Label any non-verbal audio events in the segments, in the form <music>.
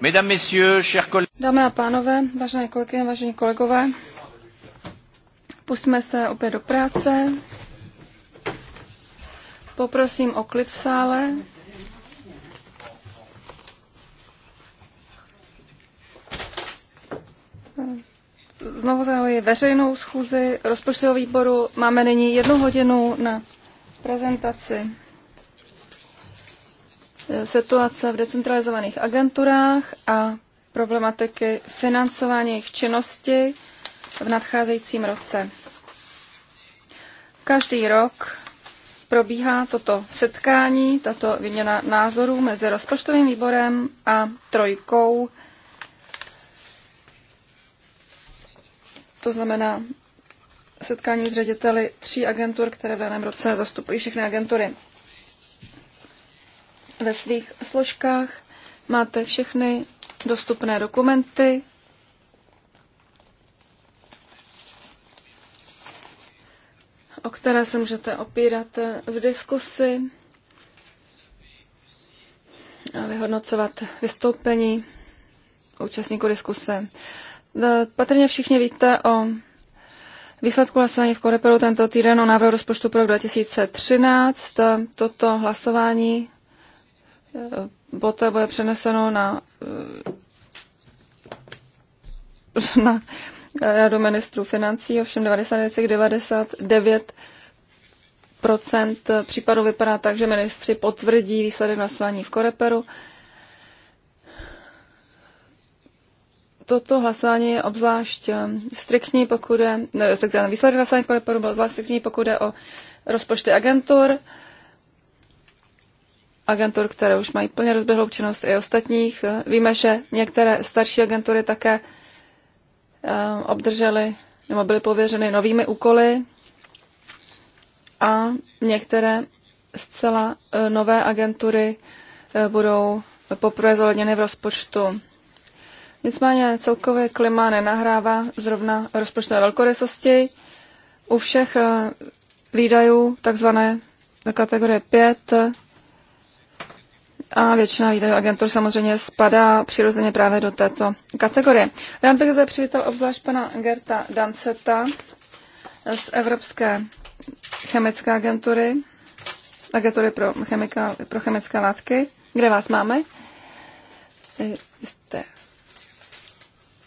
Dámy a pánové, vážené kolegyně, vážení kolegové, pustíme se opět do práce. Poprosím o klid v sále. Znovu zahajuji veřejnou schůzi rozpočtového výboru. Máme nyní jednu hodinu na prezentaci situace v decentralizovaných agenturách a problematiky financování jejich činnosti v nadcházejícím roce. Každý rok probíhá toto setkání, tato výměna názorů mezi rozpočtovým výborem a trojkou, to znamená setkání s řediteli tří agentur, které v daném roce zastupují všechny agentury. Ve svých složkách máte všechny dostupné dokumenty. o které se můžete opírat v diskusi a vyhodnocovat vystoupení účastníků diskuse. E, Patrně všichni víte o výsledku hlasování v Koreperu tento týden o návrhu rozpočtu pro rok 2013. Toto hlasování Eh, poté bude přeneseno na, eh, <laughs> na radu ministrů financí, ovšem 99 procent případů vypadá tak, že ministři potvrdí výsledek hlasování v Koreperu. Toto hlasování je obzvlášť eh, striktní, pokud je, ne, tak ten výsledek hlasování v Koreperu byl obzvlášť striktní, pokud je o rozpočty agentur agentur, které už mají plně rozběhlou činnost i ostatních. Víme, že některé starší agentury také eh, obdržely nebo byly pověřeny novými úkoly a některé zcela eh, nové agentury eh, budou poprvé zohledněny v rozpočtu. Nicméně celkově klima nenahrává zrovna rozpočtové velkorysosti. U všech výdajů takzvané kategorie 5 a většina výdajů samozřejmě spadá přirozeně právě do této kategorie. Rád bych zde přivítal obzvlášť pana Gerta Danceta z Evropské chemické agentury, agentury pro, chemika, pro chemické látky, kde vás máme. Jste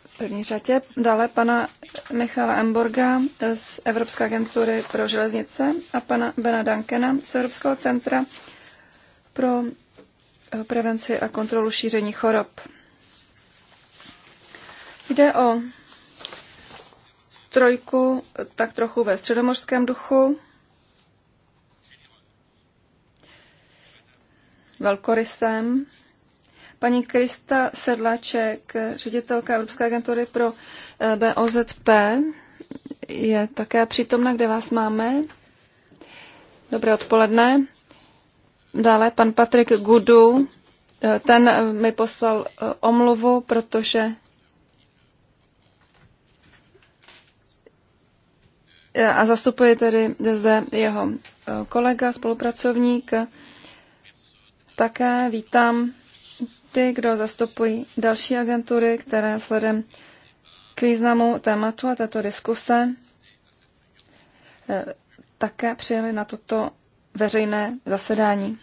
v první řadě. Dále pana Michala Emborga z Evropské agentury pro železnice a pana Bena Dankena z Evropského centra pro prevenci a kontrolu šíření chorob. Jde o trojku tak trochu ve středomořském duchu, velkorysem. Paní Krista Sedlaček, ředitelka Evropské agentury pro eh, BOZP, je také přítomna, kde vás máme. Dobré odpoledne. Dále pan Patrik Gudu, eh, ten mi poslal eh, omluvu, protože eh, a zastupuje tedy zde jeho kolega, spolupracovník. Také vítám ty, kdo zastupují další agentury, které vzhledem k významu tématu a této diskuse také přijeli na toto veřejné zasedání.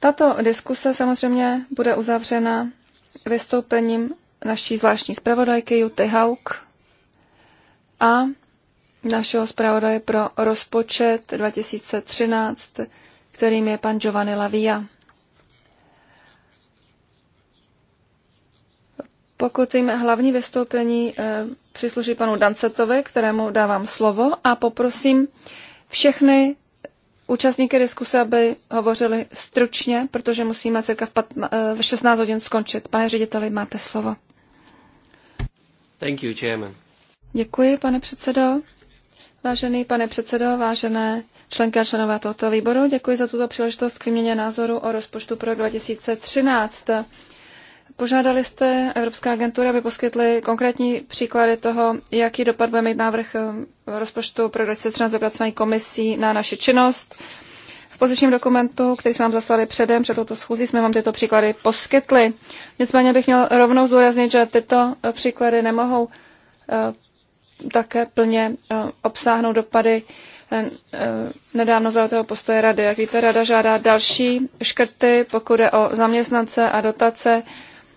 Tato diskuse samozřejmě bude uzavřena vystoupením naší zvláštní zpravodajky Juty Hauk a našeho zpravodaje pro rozpočet 2013, kterým je pan Giovanni Lavia. Pokud jim hlavní vystoupení eh, přisluží panu Dancetovi, kterému dávám slovo, a poprosím všechny účastníky diskuse, aby hovořili stručně, protože musíme cirka v, eh, v 16 hodin skončit. Pane řediteli, máte slovo. Thank you, chairman. Děkuji, pane předsedo. Vážený pane předsedo, vážené členky a členové tohoto výboru, děkuji za tuto příležitost k výměně názoru o rozpočtu pro 2013. Požádali jste Evropská agentura, aby poskytly konkrétní příklady toho, jaký dopad bude mít návrh eh, rozpočtu pro 2013 vypracovaný komisí na naši činnost. V pozičním dokumentu, který jsme vám zaslali předem před touto schůzí, jsme vám tyto příklady poskytli. Nicméně bych měl rovnou zúraznit, že tyto eh, příklady nemohou eh, také plně obsáhnout dopady nedávno zautého postoje rady. Jak víte, rada žádá další škrty, pokud je o zaměstnance a dotace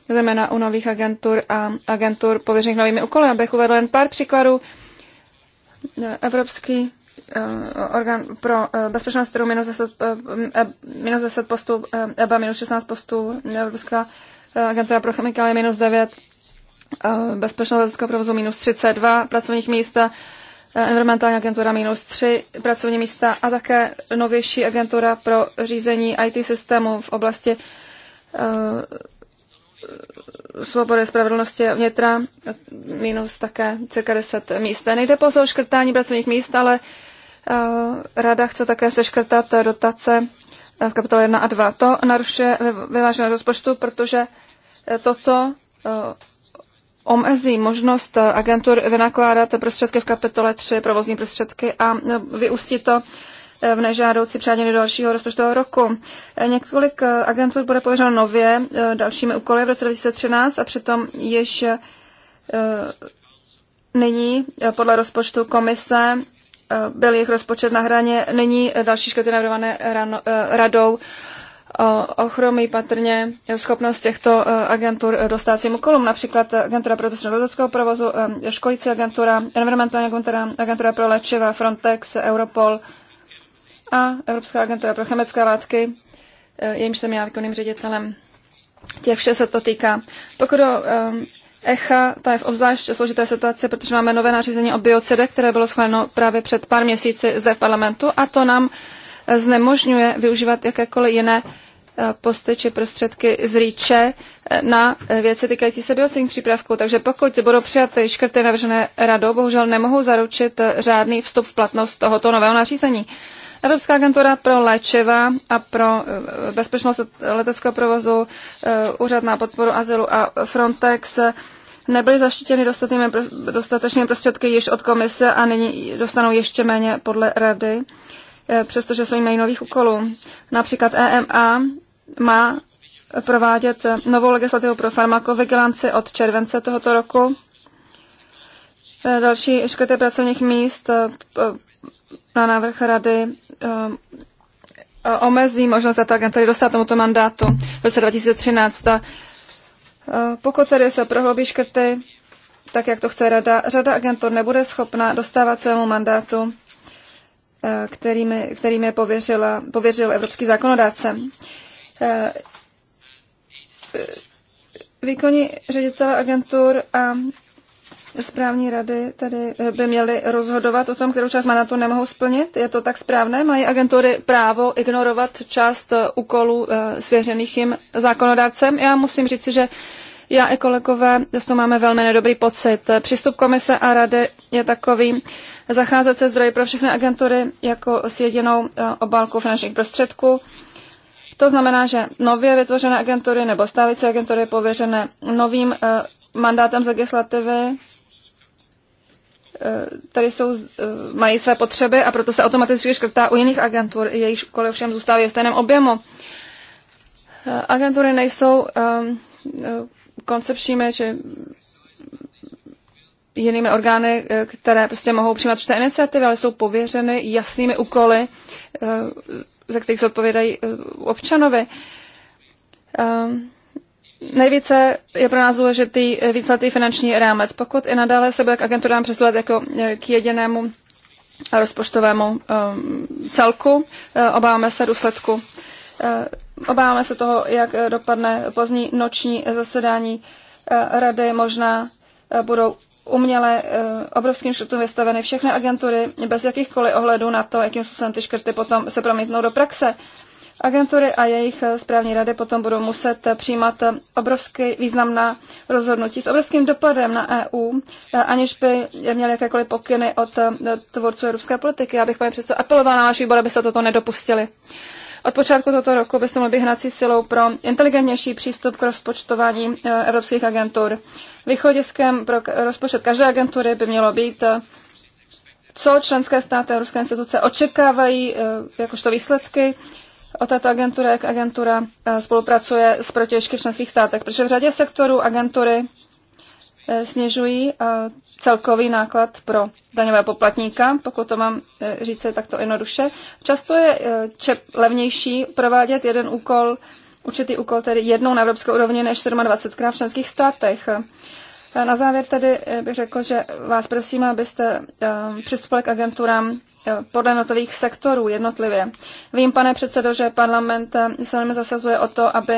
zejména u nových agentur a agentur pověřených novými úkoly. Abych uvedl jen pár příkladů. Evropský uh, orgán pro uh, bezpečnost kterou minus 10, uh, eb, minus 10 postů, uh, EBA minus 16 postů, Evropská uh, agentura pro chemikálie minus 9, uh, bezpečnost leteckého provozu minus 32 pracovních místa, environmentální agentura minus 3 pracovní místa a také novější agentura pro řízení IT systému v oblasti svobody, spravedlnosti vnitra, minus také cirka 10 míst. Nejde pouze o škrtání pracovních míst, ale eh, rada chce také seškrtat dotace eh, v kapitole 1 a 2. To narušuje vyvážené rozpočtu, protože eh, toto omezí možnost agentur vynakládat prostředky v kapitole 3, provozní prostředky a vyústí to Eh, v nežádoucí přádění do dalšího rozpočtového roku. Eh, několik eh, agentur bude pověřeno nově dalšími úkoly v roce 2013 a přitom již nyní podle rozpočtu komise byl jejich rozpočet na hraně. Nyní další škrty navrhované radou ochromí patrně schopnost těchto agentur dostat svým úkolům, například agentura pro bezpečnost provozu, školící agentura, environmentální agentura, agentura pro léčiva, Frontex, Europol, a Evropská agentura pro chemické látky, eh, jejímž jsem já výkonným ředitelem. Těch vše se to týká. Pokud o um, ECHA, ta je v obzvlášť složité situaci, protože máme nové nařízení o biocidech, které bylo schváleno právě před pár měsíci zde v parlamentu a to nám znemožňuje využívat jakékoliv jiné eh, posty či prostředky z rýče eh, na věci týkající se biocidních přípravků. Takže pokud budou přijaty škrty navržené radou, bohužel nemohou zaručit řádný vstup v platnost tohoto nového nařízení. Evropská agentura pro léčiva a pro eh, bezpečnost leteckého provozu, eh, Úřad na podporu azylu a Frontex eh, nebyly zaštítěny dostatečnými prostředky již od komise a nyní dostanou ještě méně podle rady, přestože jsou jim nových úkolů. Například EMA má provádět novou legislativu pro farmakovigilanci od července tohoto roku. Další škrty pracovních míst na návrh rady eh, omezí možnost této agentury dostat tomuto mandátu v roce 2013. Eh, pokud tedy se prohloubí škrty, tak jak to chce rada, řada agentur nebude schopna dostávat svému mandátu, eh, kterými, kterými pověřila, pověřil evropský zákonodárce. Výkonní ředitele agentur a správní rady tedy eh, by měly rozhodovat o tom, kterou část mandátu nemohou splnit? Je to tak správné? Mají agentury právo ignorovat část eh, úkolů eh, svěřených jim zákonodárcem? Já musím říci, že já i kolegové z toho máme velmi nedobrý pocit. Přístup komise a rady je takový zacházet se zdroji pro všechny agentury jako s jedinou obálkou finančních prostředků. To znamená, že nově vytvořené agentury nebo stávající agentury pověřené novým mandátem z legislativy Eh, tady jsou, eh, mají své potřeby a proto se automaticky škrtá u jiných agentur, jejichž úkoly ovšem zůstávají v stejném objemu. Eh, agentury nejsou um, koncepčními či jinými orgány, které prostě mohou přijímat určité iniciativy, ale jsou pověřeny jasnými úkoly, za kterých se odpovědají občanovi. Um, Nejvíce je pro nás důležitý eh, víceletý finanční rámec. Pokud i nadále se bude k agenturám přesouvat jako eh, k jedinému eh, rozpočtovému celku, obáváme se důsledku. Obáváme se toho, jak dopadne pozdní noční zasedání rady. Možná budou uměle obrovským škrtům vystaveny všechny agentury bez jakýchkoliv ohledů na to, jakým způsobem ty škrty potom se promítnou do praxe. Agentury a jejich eh, správní rady potom budou muset eh, přijímat eh, obrovsky významná rozhodnutí s obrovským dopadem na EU, aniž by měly jakékoliv pokyny od tvůrců evropské politiky. Já bych, pane předsedo, apelovala na váš výbor, abyste toto nedopustili. Od počátku tohoto roku byste mohli být hnací silou pro inteligentnější přístup k rozpočtování evropských agentur. Východiskem pro rozpočet každé agentury by mělo být co členské státy a ruské instituce očekávají jakožto výsledky o této agentury, jak agentura e, spolupracuje s protěžky v členských státech, protože v řadě sektorů agentury e, snižují e, celkový náklad pro daňové poplatníka, pokud to mám říct takto jednoduše. Často je čep levnější provádět jeden úkol, určitý úkol tedy jednou na evropské úrovni než 27 krát v členských státech. Na závěr tedy bych řekl, že vás prosím, abyste přistupovali k agenturám Eh, podle notových sektorů jednotlivě. Vím, pane předsedo, že parlament eh, se nám zasazuje o to, aby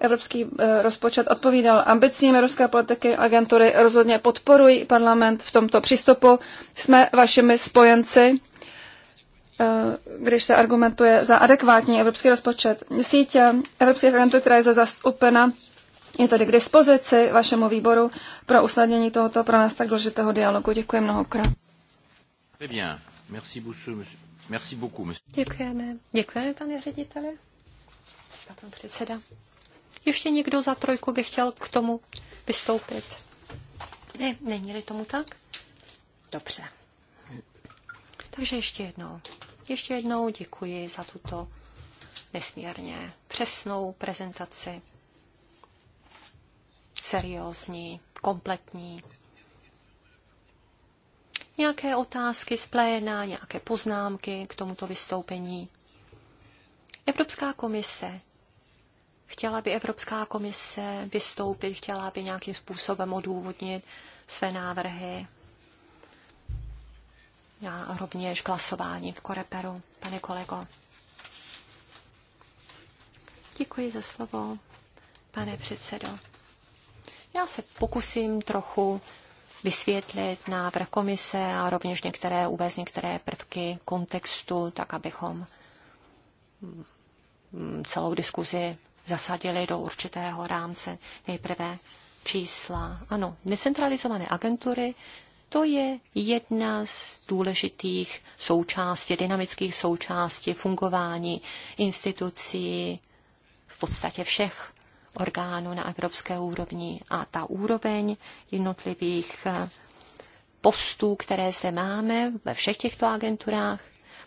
evropský eh, rozpočet odpovídal ambicím evropské politiky. Agentury rozhodně podporují parlament v tomto přístupu. Jsme vašimi spojenci, když se argumentuje za adekvátní evropský rozpočet. Síť evropských agentur, která je zastoupena, je tedy k dispozici vašemu výboru pro usnadnění tohoto pro nás tak důležitého dialogu. Děkuji mnohokrát. Très bien. Děkujeme. Děkujeme, pane řediteli. pan předseda. Ještě někdo za trojku by chtěl k tomu vystoupit? Ne, není-li tomu tak? Dobře. Takže ještě jednou. Ještě jednou děkuji za tuto nesmírně přesnou prezentaci. Seriózní, kompletní, Nějaké otázky z pléna, nějaké poznámky k tomuto vystoupení? Evropská komise. Chtěla by Evropská komise vystoupit, chtěla by nějakým způsobem odůvodnit své návrhy Já rovněž klasování hlasování v Koreperu, pane kolego. Děkuji za slovo, pane předsedo. Já se pokusím trochu vysvětlit návrh komise a rovněž některé, uvést některé prvky kontextu, tak abychom celou diskuzi zasadili do určitého rámce. Nejprve čísla. Ano, decentralizované agentury, to je jedna z důležitých součástí, dynamických součástí fungování institucí v podstatě všech orgánů na evropské úrovni a ta úroveň jednotlivých eh, postů, které zde máme ve všech těchto agenturách.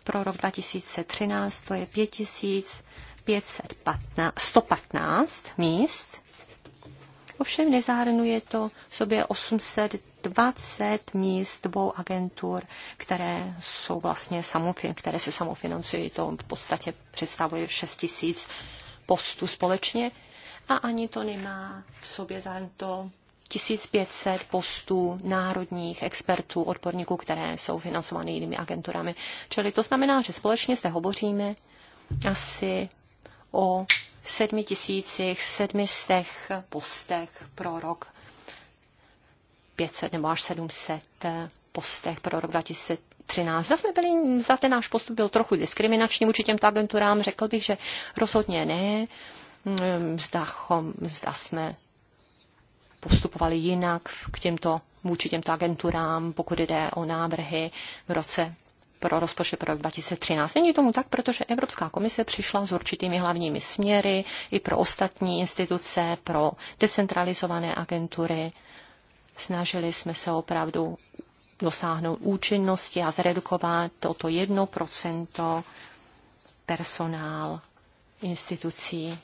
Pro rok 2013 to je 5115 míst. Ovšem nezahrnuje to sobě 820 míst dvou agentur, které jsou vlastně samofin, které se samofinancují. To v podstatě představuje 6 000 postů společně a ani to nemá v sobě za to 1500 postů národních expertů, odborníků, které jsou financovány jinými agenturami. Čili to znamená, že společně zde hovoříme asi o 7700 postech pro rok 500 nebo až 700 postech pro rok 2013. Zda, jsme byli, zda ten náš postup byl trochu diskriminační vůči těmto agenturám, řekl bych, že rozhodně ne. Hm, zda, chom, zda jsme postupovali jinak k těmto, vůči těmto agenturám, pokud jde o návrhy v roce pro rozpočet pro rok 2013. Není tomu tak, protože Evropská komise přišla s určitými hlavními směry i pro ostatní instituce, pro decentralizované agentury. Snažili jsme se opravdu dosáhnout účinnosti a zredukovat toto 1% personál institucí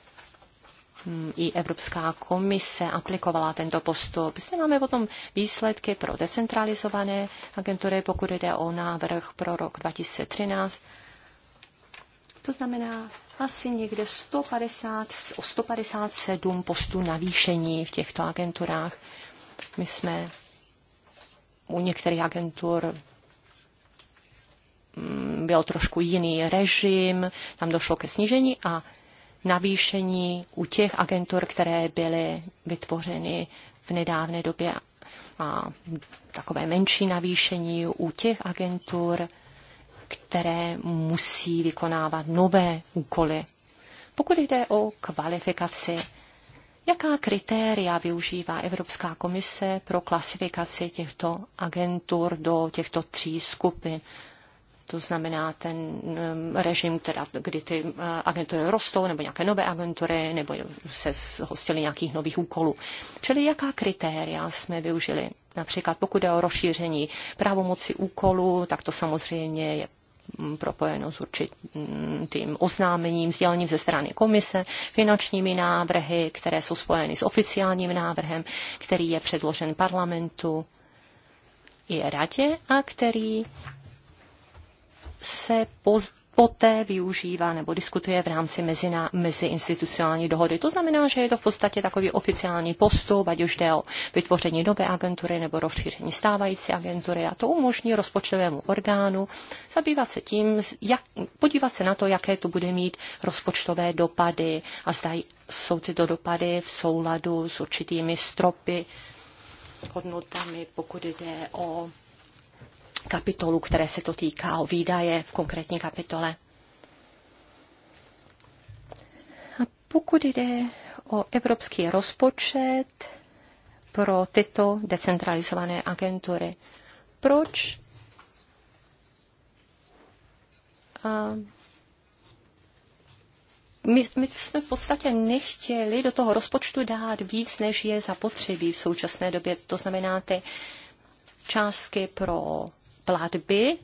i Evropská komise aplikovala tento postup. Zde máme potom výsledky pro decentralizované agentury, pokud jde o návrh pro rok 2013. To znamená asi někde 150, 157 postů navýšení v těchto agenturách. My jsme u některých agentur mm, byl trošku jiný režim, tam došlo ke snížení a navýšení u těch agentur, které byly vytvořeny v nedávné době a takové menší navýšení u těch agentur, které musí vykonávat nové úkoly. Pokud jde o kvalifikaci, jaká kritéria využívá Evropská komise pro klasifikaci těchto agentur do těchto tří skupin? to znamená ten mm, režim, teda, kdy ty eh, agentury rostou, nebo nějaké nové agentury, nebo se zhostily nějakých nových úkolů. Čili jaká kritéria jsme využili? Například pokud je o rozšíření právomoci úkolu, tak to samozřejmě je mm, propojeno s určitým mm, oznámením, sdělením ze strany komise, finančními návrhy, které jsou spojeny s oficiálním návrhem, který je předložen parlamentu i radě a který se poz, poté využívá nebo diskutuje v rámci mezina, meziinstitucionální dohody. To znamená, že je to v podstatě takový oficiální postup, ať už jde o vytvoření nové agentury nebo rozšíření stávající agentury a to umožní rozpočtovému orgánu zabývat se tím, jak, podívat se na to, jaké to bude mít rozpočtové dopady a zda jsou tyto dopady v souladu s určitými stropy, hodnotami, pokud jde o kapitolu, které se to týká, o výdaje v konkrétní kapitole. A pokud jde o evropský rozpočet pro tyto decentralizované agentury, proč a my, my jsme v podstatě nechtěli do toho rozpočtu dát víc, než je zapotřebí v současné době. To znamená ty částky pro platby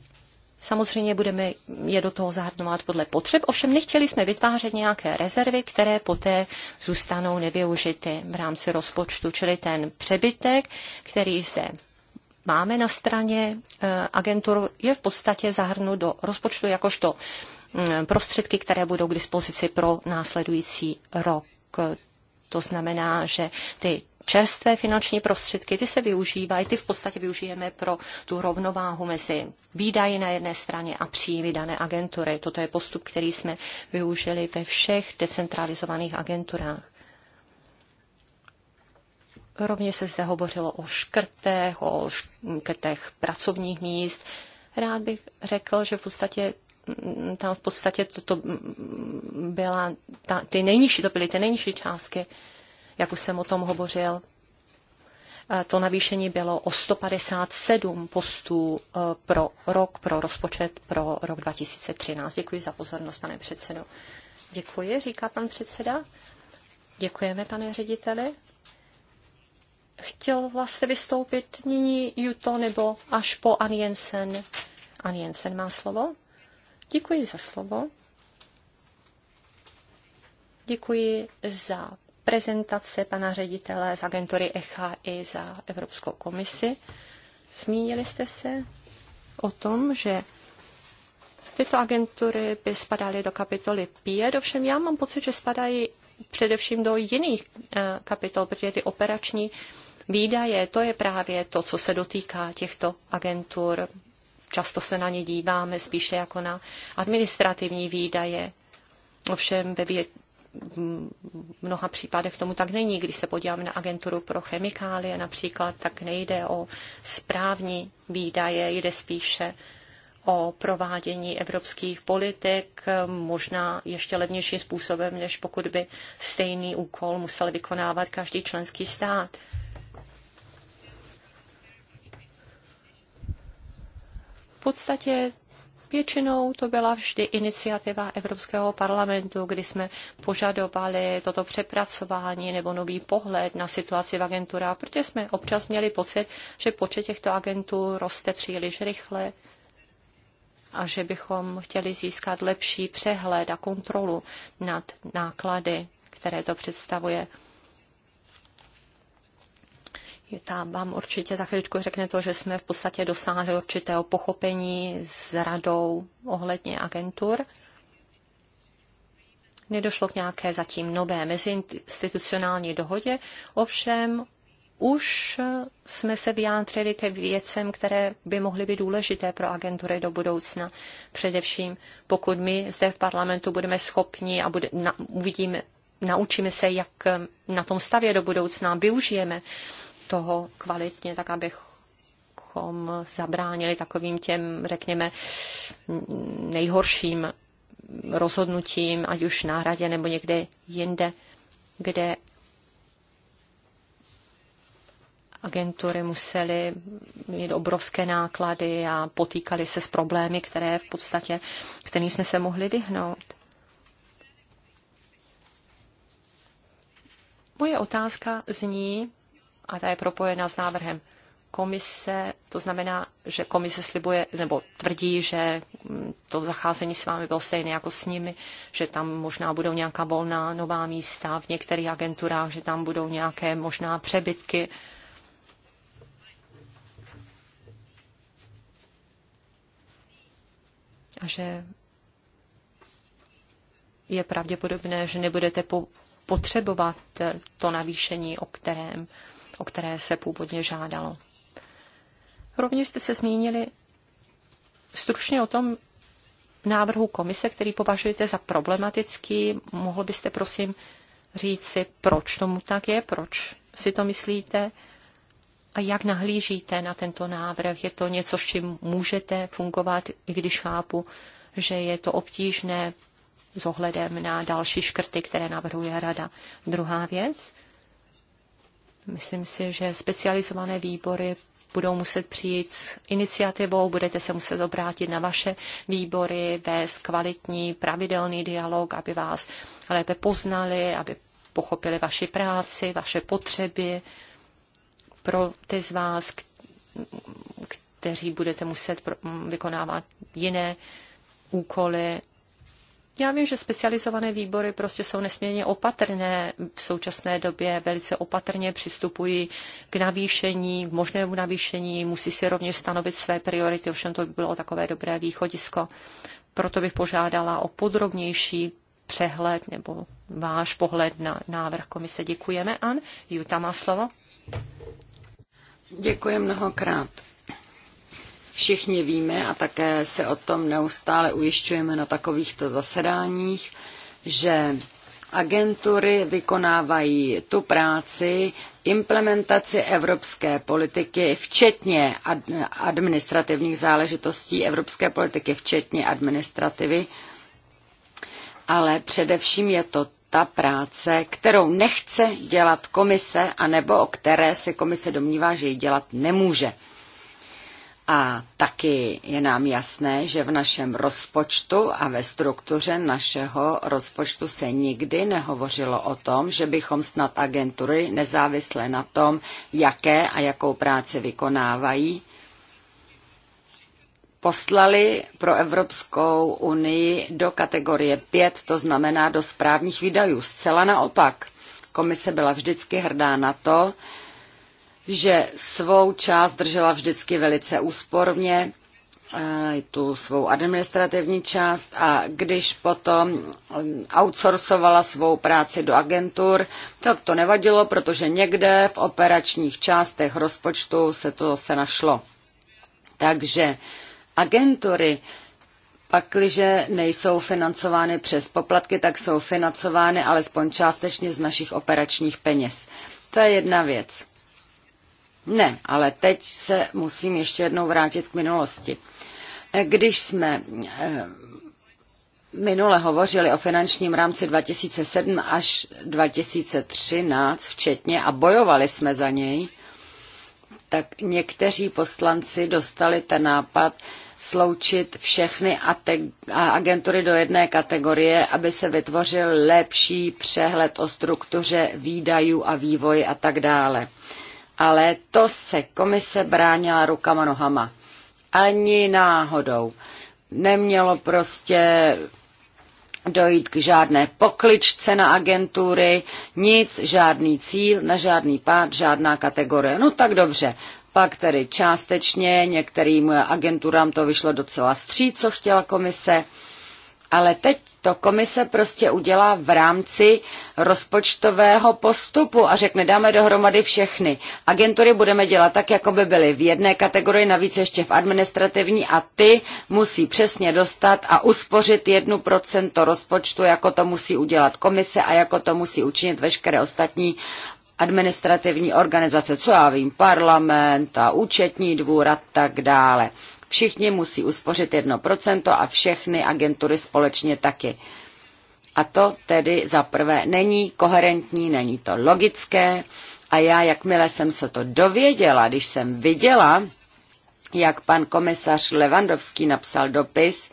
Samozřejmě budeme je do toho zahrnovat podle potřeb, ovšem nechtěli jsme vytvářet nějaké rezervy, které poté zůstanou nevyužity v rámci rozpočtu, čili ten přebytek, který zde máme na straně eh, agentur, je v podstatě zahrnut do rozpočtu jakožto mm, prostředky, které budou k dispozici pro následující rok. To znamená, že ty čerstvé finanční prostředky, ty se využívají, ty v podstatě využijeme pro tu rovnováhu mezi výdaji na jedné straně a příjmy dané agentury. Toto je postup, který jsme využili ve všech decentralizovaných agenturách. Rovněž se zde hovořilo o škrtech, o škrtech pracovních míst. Rád bych řekl, že v podstatě mm, tam v podstatě toto mm, byla ta, ty nejnižší, to byly ty nejnižší částky, jak už jsem o tom hovořil, eh, to navýšení bylo o 157 postů eh, pro rok, pro rozpočet pro rok 2013. Děkuji za pozornost, pane předsedo. Děkuji, říká pan předseda. Děkujeme, pane řediteli. Chtěl vlastně vystoupit nyní Juto nebo až po Aniensen. Aniensen má slovo. Děkuji za slovo. Děkuji za prezentace pana ředitele z agentury ECHA i za Evropskou komisi. Zmínili jste se o tom, že tyto agentury by spadaly do kapitoly 5, e ovšem já mám pocit, že spadají především do jiných eh, kapitol, protože ty operační výdaje, to je právě to, co se dotýká těchto agentur. Často se na ně díváme spíše jako na administrativní výdaje. Ovšem ve, mnoha případech tomu tak není. Když se podíváme na agenturu pro chemikálie například, tak nejde o správní výdaje, jde spíše o provádění evropských politik, možná ještě levnějším způsobem, než pokud by stejný úkol musel vykonávat každý členský stát. V podstatě Většinou to byla vždy iniciativa Evropského parlamentu, kdy jsme požadovali toto přepracování nebo nový pohled na situaci v agenturách, protože jsme občas měli pocit, že počet těchto agentů roste příliš rychle a že bychom chtěli získat lepší přehled a kontrolu nad náklady, které to představuje tam vám určitě za chvíličku řekne to, že jsme v podstatě dosáhli určitého pochopení s radou ohledně agentur. Nedošlo k nějaké zatím nové meziinstitucionální dohodě, ovšem už jsme se vyjádřili ke věcem, které by mohly být důležité pro agentury do budoucna. Především pokud my zde v parlamentu budeme schopni a bude, na, uvidíme, naučíme se, jak na tom stavě do budoucna využijeme toho kvalitně, tak abychom zabránili takovým těm, řekněme, nejhorším rozhodnutím, ať už na hradě nebo někde jinde, kde agentury musely mít obrovské náklady a potýkali se s problémy, které v podstatě, kterým jsme se mohli vyhnout. Moje otázka zní, a ta je propojena s návrhem komise, to znamená, že komise slibuje nebo tvrdí, že mm, to zacházení s vámi bylo stejné jako s nimi, že tam možná budou nějaká volná nová místa v některých agenturách, že tam budou nějaké možná přebytky. A že je pravděpodobné, že nebudete potřebovat to navýšení, o kterém o které se původně žádalo. Rovněž jste se zmínili stručně o tom návrhu komise, který považujete za problematický. Mohl byste prosím říct si, proč tomu tak je, proč si to myslíte a jak nahlížíte na tento návrh. Je to něco, s čím můžete fungovat, i když chápu, že je to obtížné s ohledem na další škrty, které navrhuje rada. Druhá věc, Myslím si, že specializované výbory budou muset přijít s iniciativou, budete se muset obrátit na vaše výbory, vést kvalitní, pravidelný dialog, aby vás lépe poznali, aby pochopili vaši práci, vaše potřeby. Pro ty z vás, kteří budete muset vykonávat jiné úkoly, já vím, že specializované výbory prostě jsou nesmírně opatrné v současné době, velice opatrně přistupují k navýšení, k možnému navýšení, musí si rovněž stanovit své priority, ovšem to by bylo takové dobré východisko. Proto bych požádala o podrobnější přehled nebo váš pohled na návrh komise. Děkujeme, An. Juta má slovo. Děkuji mnohokrát všichni víme a také se o tom neustále ujišťujeme na takovýchto zasedáních, že agentury vykonávají tu práci, implementaci evropské politiky, včetně administrativních záležitostí evropské politiky, včetně administrativy, ale především je to ta práce, kterou nechce dělat komise, anebo o které se komise domnívá, že ji dělat nemůže. A taky je nám jasné, že v našem rozpočtu a ve struktuře našeho rozpočtu se nikdy nehovořilo o tom, že bychom snad agentury nezávisle na tom, jaké a jakou práci vykonávají, poslali pro Evropskou unii do kategorie 5, to znamená do správních výdajů. Zcela naopak. Komise byla vždycky hrdá na to, že svou část držela vždycky velice úsporně, tu svou administrativní část a když potom outsourcovala svou práci do agentur, tak to nevadilo, protože někde v operačních částech rozpočtu se to zase našlo. Takže agentury, pakliže nejsou financovány přes poplatky, tak jsou financovány alespoň částečně z našich operačních peněz. To je jedna věc. Ne, ale teď se musím ještě jednou vrátit k minulosti. Eh, když jsme eh, minule hovořili o finančním rámci 2007 až 2013 včetně a bojovali jsme za něj, tak někteří poslanci dostali ten nápad sloučit všechny agentury do jedné kategorie, aby se vytvořil lepší přehled o struktuře výdajů a vývoji a tak dále ale to se komise bránila rukama nohama. Ani náhodou. Nemělo prostě dojít k žádné pokličce na agentury, nic, žádný cíl, na žádný pád, žádná kategorie. No tak dobře, pak tedy částečně některým agenturám to vyšlo docela vstříc, co chtěla komise. Ale teď to komise prostě udělá v rámci rozpočtového postupu a řekne, dáme dohromady všechny. Agentury budeme dělat tak, jako by byly v jedné kategorii, navíc ještě v administrativní a ty musí přesně dostat a uspořit procento rozpočtu, jako to musí udělat komise a jako to musí učinit veškeré ostatní administrativní organizace, co já vím, parlament a účetní dvůr a tak dále. Všichni musí uspořit 1% a všechny agentury společně taky. A to tedy za prvé není koherentní, není to logické. A já, jakmile jsem se to dověděla, když jsem viděla, jak pan komisař Levandovský napsal dopis,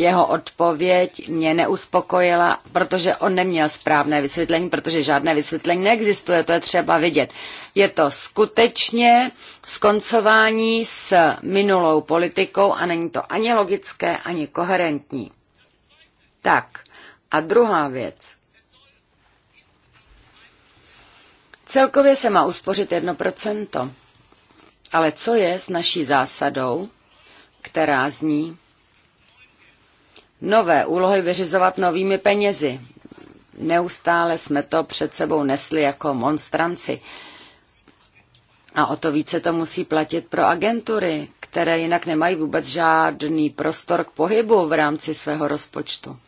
jeho odpověď mě neuspokojila, protože on neměl správné vysvětlení, protože žádné vysvětlení neexistuje, to je třeba vidět. Je to skutečně skoncování s minulou politikou a není to ani logické, ani koherentní. Tak, a druhá věc. Celkově se má uspořit 1%. Ale co je s naší zásadou, která zní, nové úlohy vyřizovat novými penězi. Neustále jsme to před sebou nesli jako monstranci. A o to více to musí platit pro agentury, které jinak nemají vůbec žádný prostor k pohybu v rámci svého rozpočtu.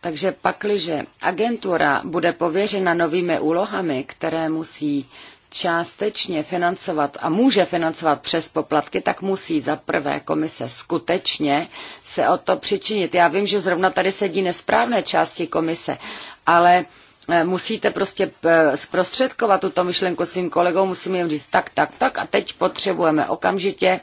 Takže pakliže agentura bude pověřena novými úlohami, které musí částečně financovat a může financovat přes poplatky, tak musí za prvé komise skutečně se o to přičinit. Já vím, že zrovna tady sedí nesprávné části komise, ale Eh, musíte prostě eh, zprostředkovat tuto myšlenku svým kolegům, musíme jim říct tak, tak, tak a teď potřebujeme okamžitě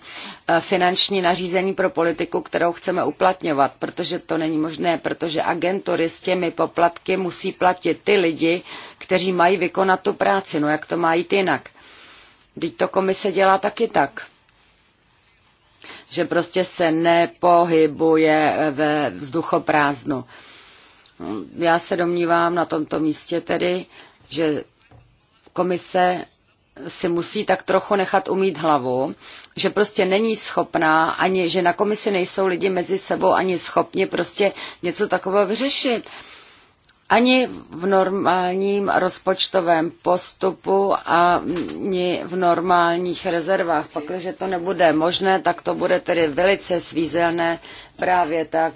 eh, finanční nařízení pro politiku, kterou chceme uplatňovat, protože to není možné, protože agentury s těmi poplatky musí platit ty lidi, kteří mají vykonat tu práci. No jak to mají jít jinak? Teď to komise dělá taky tak že prostě se nepohybuje ve vzduchoprázdnu. Já se domnívám na tomto místě tedy, že komise si musí tak trochu nechat umít hlavu, že prostě není schopná, ani že na komisi nejsou lidi mezi sebou ani schopni prostě něco takového vyřešit. Ani v normálním rozpočtovém postupu a ani v normálních rezervách. Pakliže to nebude možné, tak to bude tedy velice svízelné právě tak,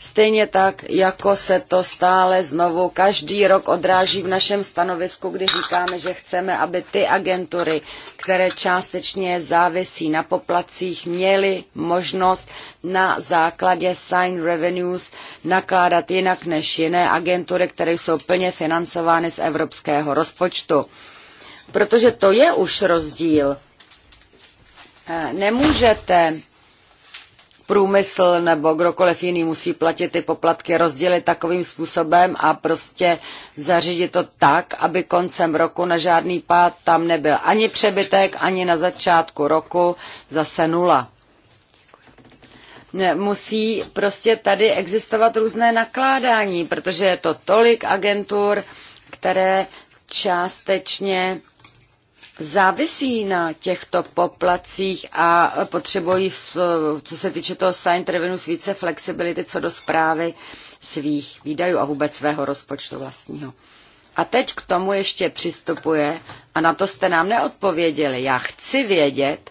Stejně tak, jako se to stále znovu každý rok odráží v našem stanovisku, kdy říkáme, že chceme, aby ty agentury, které částečně závisí na poplacích, měly možnost na základě sign revenues nakládat jinak než jiné agentury, které jsou plně financovány z evropského rozpočtu. Protože to je už rozdíl. Eh, nemůžete průmysl nebo kdokoliv jiný musí platit ty poplatky, rozdělit takovým způsobem a prostě zařídit to tak, aby koncem roku na žádný pád tam nebyl ani přebytek, ani na začátku roku zase nula musí prostě tady existovat různé nakládání, protože je to tolik agentur, které částečně závisí na těchto poplacích a potřebují, co se týče toho signed revenue, více flexibility co do zprávy svých výdajů a vůbec svého rozpočtu vlastního. A teď k tomu ještě přistupuje, a na to jste nám neodpověděli, já chci vědět,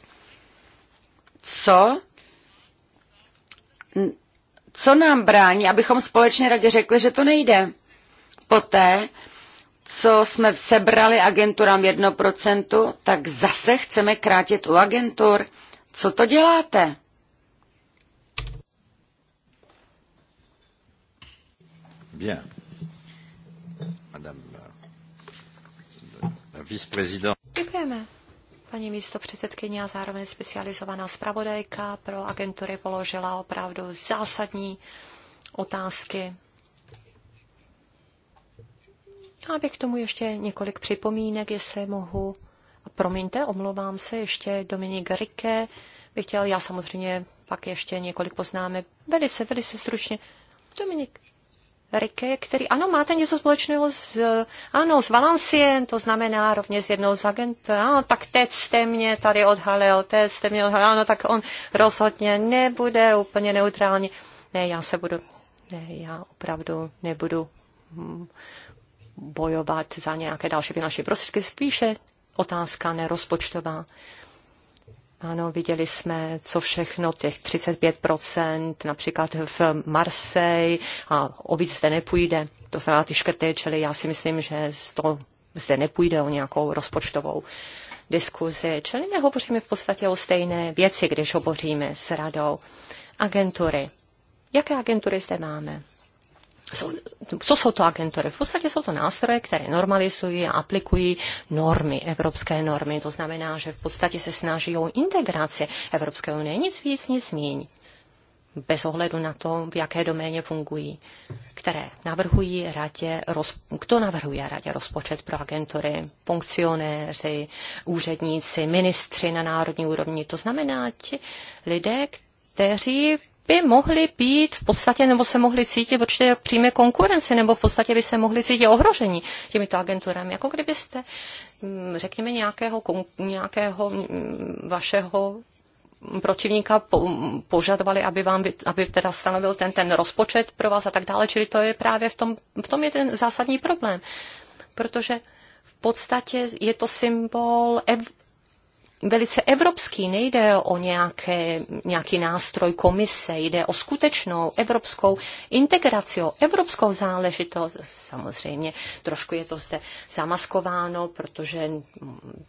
co, co nám brání, abychom společně radě řekli, že to nejde. Poté, co jsme sebrali agenturám 1%, tak zase chceme krátit u agentur. Co to děláte? Bien. Madame la Děkujeme. Paní místo předsedkyně a zároveň specializovaná zpravodajka pro agentury položila opravdu zásadní otázky já bych k tomu ještě několik připomínek, jestli mohu. A promiňte, omlouvám se, ještě Dominik Rike bych chtěl, já samozřejmě pak ještě několik poznámek, velice, velice stručně. Dominik Rike, který, ano, máte něco společného s, ano, s Valencien, to znamená rovněž z jednou z agentů, ano, tak teď jste mě tady odhalil, teď jste mě odhalil, ano, tak on rozhodně nebude úplně neutrální. Ne, já se budu, ne, já opravdu nebudu hm, bojovat za nějaké další finanční prostředky, spíše otázka nerozpočtová. Ano, viděli jsme, co všechno těch 35%, například v Marseille a o víc zde nepůjde. To znamená ty škrty, čili já si myslím, že to zde nepůjde o nějakou rozpočtovou diskuzi. Čili nehovoříme v podstatě o stejné věci, když hovoříme s radou. Agentury. Jaké agentury zde máme? co jsou to agentury? V podstatě jsou to nástroje, které normalizují a aplikují normy, evropské normy. To znamená, že v podstatě se snaží o integraci Evropské unie. Nic víc, nic míň. Bez ohledu na to, v jaké doméně fungují, které navrhují radě, roz... kdo navrhuje radě rozpočet pro agentury, funkcionéři, úředníci, ministři na národní úrovni. To znamená ti lidé, kteří by mohli být v podstatě, nebo se mohli cítit určitě určité přímé konkurenci, nebo v podstatě by se mohli cítit ohrožení těmito agenturami. Jako kdybyste, mm, řekněme, nějakého, nějakého mm, vašeho protivníka požadovali, aby vám aby teda stanovil ten, ten rozpočet pro vás a tak dále. Čili to je právě v tom, v tom je ten zásadní problém. Protože v podstatě je to symbol velice evropský, nejde o nějaké, nějaký nástroj komise, jde o skutečnou evropskou integraci, o evropskou záležitost. Samozřejmě trošku je to zde zamaskováno, protože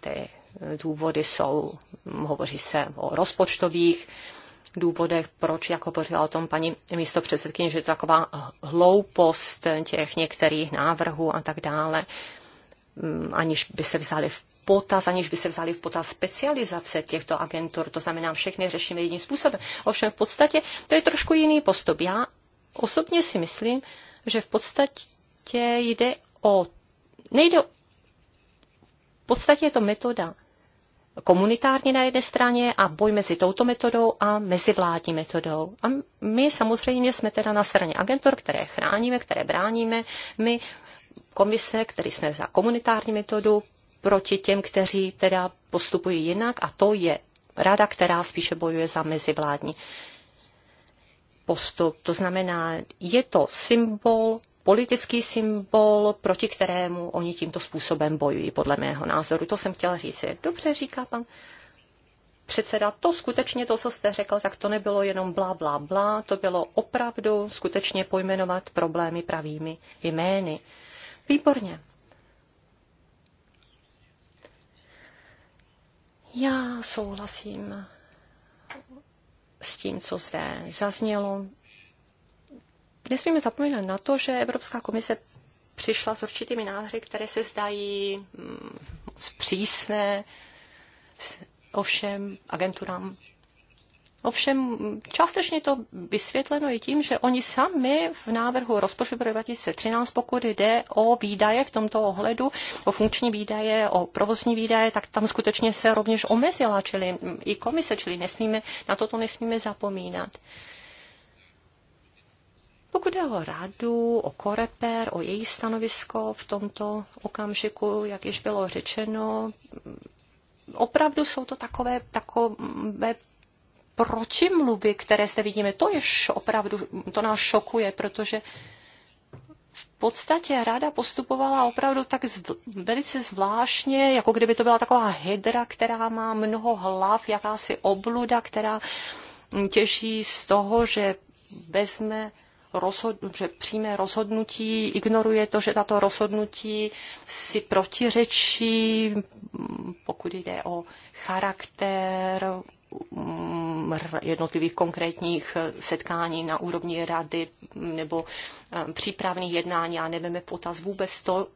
ty důvody jsou, hovoří se o rozpočtových důvodech, proč, jak hovořila o tom paní místo předsedkyně, že je to taková hloupost těch některých návrhů a tak dále, hm, aniž by se vzali v potaz, aniž by se vzali v potaz specializace těchto agentur, to znamená všechny řešíme jedním způsobem. Ovšem v podstatě to je trošku jiný postup. Já osobně si myslím, že v podstatě jde o, nejde v podstatě je to metoda komunitární na jedné straně a boj mezi touto metodou a mezivládní metodou. A my samozřejmě jsme teda na straně agentur, které chráníme, které bráníme. My komise, který jsme za komunitární metodu, proti těm, kteří teda postupují jinak a to je rada, která spíše bojuje za mezivládní postup. To znamená, je to symbol, politický symbol, proti kterému oni tímto způsobem bojují, podle mého názoru. To jsem chtěla říct. Dobře, říká pan předseda, to skutečně to, co jste řekl, tak to nebylo jenom blá, blá, blá, to bylo opravdu skutečně pojmenovat problémy pravými jmény. Výborně. Já souhlasím s tím, co zde zaznělo. Nesmíme zapomínat na to, že Evropská komise přišla s určitými návrhy, které se zdají mm, moc přísné, ovšem agenturám Ovšem částečně to vysvětleno je tím, že oni sami v návrhu rozpočtu pro 2013, pokud jde o výdaje v tomto ohledu, o funkční výdaje, o provozní výdaje, tak tam skutečně se rovněž omezila, čili i komise, čili nesmíme, na toto nesmíme zapomínat. Pokud jde o radu, o koreper, o její stanovisko v tomto okamžiku, jak již bylo řečeno, opravdu jsou to takové, takové protimluvy, které zde vidíme, to je opravdu, to nás šokuje, protože v podstatě ráda postupovala opravdu tak zv, velice zvláštně, jako kdyby to byla taková hydra, která má mnoho hlav, jakási obluda, která těší z toho, že vezme rozhod, že přijme rozhodnutí, ignoruje to, že tato rozhodnutí si protiřečí, pokud jde o charakter, Mm, jednotlivých konkrétních eh, setkání na úrovni rady nebo eh, přípravných jednání a nevíme potaz vůbec to,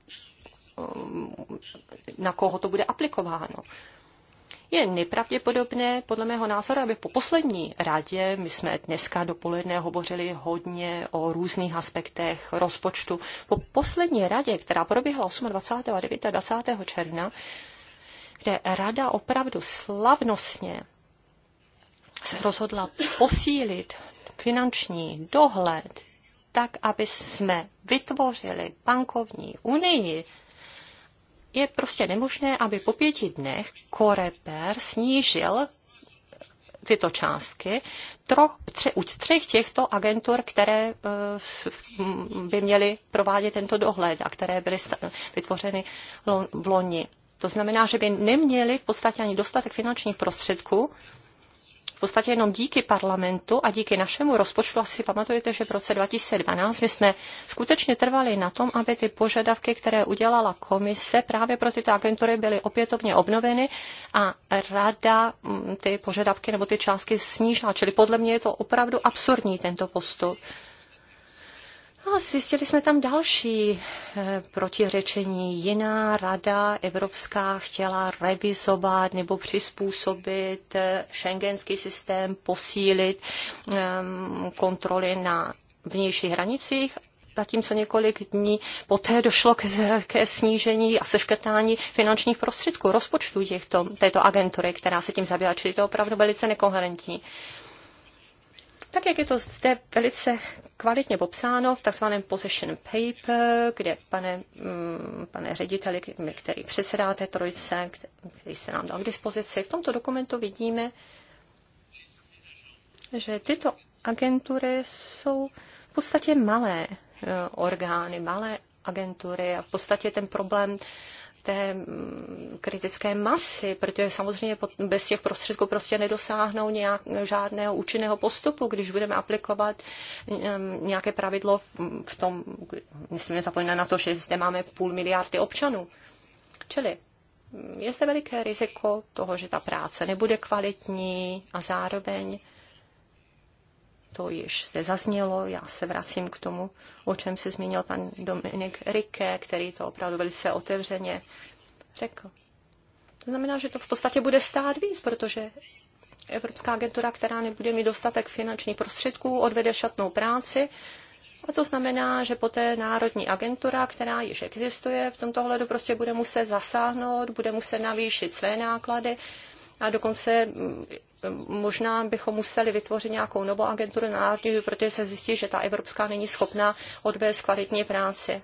eh, na koho to bude aplikováno. Je nepravděpodobné, podle mého názoru, aby po poslední radě, my jsme dneska dopoledne hovořili hodně o různých aspektech rozpočtu, po poslední radě, která proběhla 28. a 29. června, kde rada opravdu slavnostně se rozhodla posílit finanční dohled tak, aby jsme vytvořili bankovní unii, je prostě nemožné, aby po pěti dnech Koreper snížil tyto částky troch, tře, u třech těchto agentur, které e, by měly provádět tento dohled a které byly vytvořeny v loni. To znamená, že by neměli v podstatě ani dostatek finančních prostředků v podstatě jenom díky parlamentu a díky našemu rozpočtu, asi pamatujete, že v roce 2012 my jsme skutečně trvali na tom, aby ty požadavky, které udělala komise právě pro tyto agentury, byly opětovně obnoveny a rada mm, ty požadavky nebo ty částky snížila. Čili podle mě je to opravdu absurdní tento postup. A no, zjistili jsme tam další eh, protiřečení. Jiná rada evropská chtěla revizovat nebo přizpůsobit šengenský eh, systém, posílit ehm, kontroly na vnějších hranicích zatímco několik dní poté došlo ke, ke snížení a seškrtání finančních prostředků, rozpočtu těchto, této agentury, která se tím zabývá, čili to opravdu velice nekoherentní. Tak, jak je to zde velice kvalitně popsáno v takzvaném position paper, kde, pane, mm, pane řediteli, který předsedá té trojce, který se nám dal k dispozici, v tomto dokumentu vidíme, že tyto agentury jsou v podstatě malé eh, orgány, malé agentury a v podstatě ten problém té mm, kritické masy, protože samozřejmě bez těch prostředků prostě nedosáhnou nějak, žádného účinného postupu, když budeme aplikovat mm, nějaké pravidlo v tom, nesmíme zapomínat na to, že zde máme půl miliardy občanů. Čili mm, je zde veliké riziko toho, že ta práce nebude kvalitní a zároveň to již zde zaznělo, já se vracím k tomu, o čem se zmínil pan Dominik Rike, který to opravdu velice otevřeně řekl. To znamená, že to v podstatě bude stát víc, protože Evropská agentura, která nebude mít dostatek finančních prostředků, odvede šatnou práci. A to znamená, že poté národní agentura, která již existuje v tomto hledu, prostě bude muset zasáhnout, bude muset navýšit své náklady a dokonce mm, možná bychom museli vytvořit nějakou novou agenturu národní, protože se zjistí, že ta evropská není schopná odvést kvalitní práci.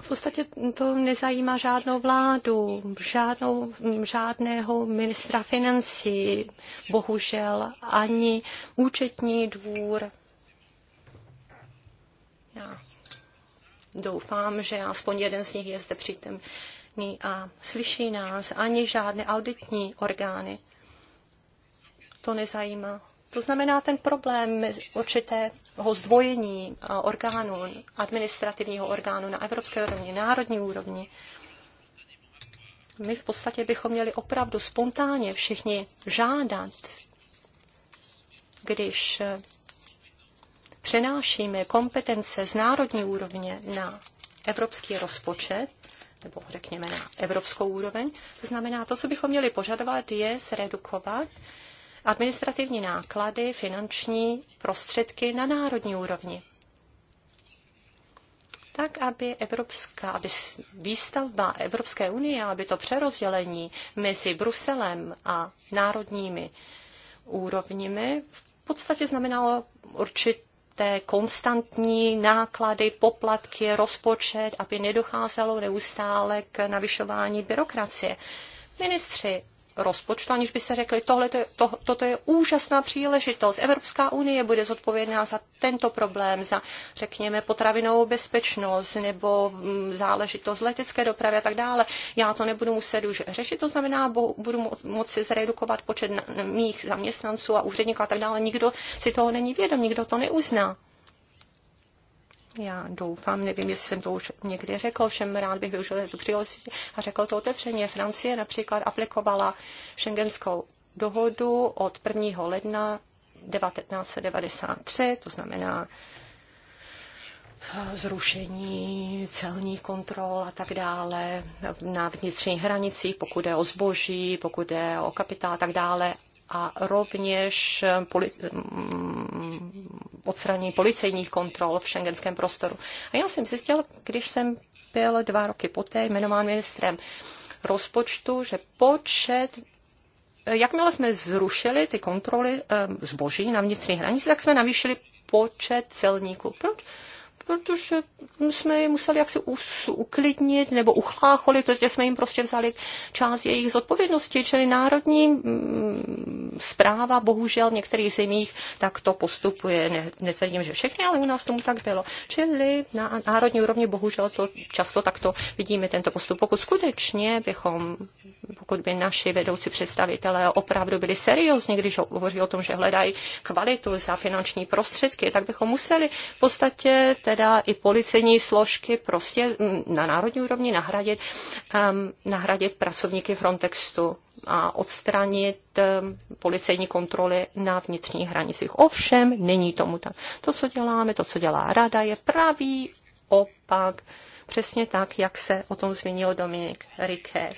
V podstatě to nezajímá žádnou vládu, žádnou, žádného ministra financí, bohužel ani účetní dvůr. Já doufám, že aspoň jeden z nich je zde přítem, ochotný a slyší nás ani žádné auditní orgány. To nezajímá. To znamená ten problém určitého zdvojení eh, orgánů, administrativního orgánu na evropské úrovni, národní úrovni. My v podstatě bychom měli opravdu spontánně všichni žádat, když eh, přenášíme kompetence z národní úrovně na evropský rozpočet, nebo řekněme na evropskou úroveň. To znamená, to, co bychom měli požadovat, je zredukovat administrativní náklady, finanční prostředky na národní úrovni. Tak, aby, evropská, aby výstavba Evropské unie, aby to přerozdělení mezi Bruselem a národními úrovními v podstatě znamenalo určit té konstantní náklady, poplatky, rozpočet, aby nedocházelo neustále k navyšování byrokracie. Ministři rozpočtu, aniž by se řekli, tohle to, to, toto je úžasná příležitost. Evropská unie bude zodpovědná za tento problém, za, řekněme, potravinovou bezpečnost nebo mm, záležitost letecké dopravy a tak dále. Já to nebudu muset už řešit, to znamená, bo, budu moci zredukovat počet mých zaměstnanců a úředníků a tak dále. Nikdo si toho není vědom, nikdo to neuzná. Já doufám, nevím, jestli jsem to už někdy řekl, všem rád bych využil tu příležitost a řekl to otevřeně. Francie například aplikovala šengenskou dohodu od 1. ledna 1993, to znamená zrušení celních kontrol a tak dále na vnitřních hranicích, pokud je o zboží, pokud je o kapitál a tak dále. A rovněž odstranění policejních kontrol v šengenském prostoru. A já jsem zjistil, když jsem byl dva roky poté jmenován ministrem rozpočtu, že počet Jakmile jsme zrušili ty kontroly eh, zboží na vnitřní hranici, tak jsme navýšili počet celníků. Proč? protože jsme je museli jaksi uklidnit nebo uchlácholit, protože jsme jim prostě vzali část jejich zodpovědnosti, čili národní zpráva mm, bohužel v některých zemích takto postupuje. Ne, netvrdím, že všechny, ale u nás tomu tak bylo. Čili na národní úrovni bohužel to často takto vidíme tento postup. Pokud skutečně bychom, pokud by naši vedoucí představitelé opravdu byli seriózní, když hovoří o tom, že hledají kvalitu za finanční prostředky, tak bychom museli v podstatě tedy teda i policejní složky prostě mm, na národní úrovni nahradit, um, nahradit pracovníky Frontextu a odstranit um, policejní kontroly na vnitřních hranicích. Ovšem, není tomu tak. To, co děláme, to, co dělá rada, je pravý opak. Přesně tak, jak se o tom zmínil Dominik Riké.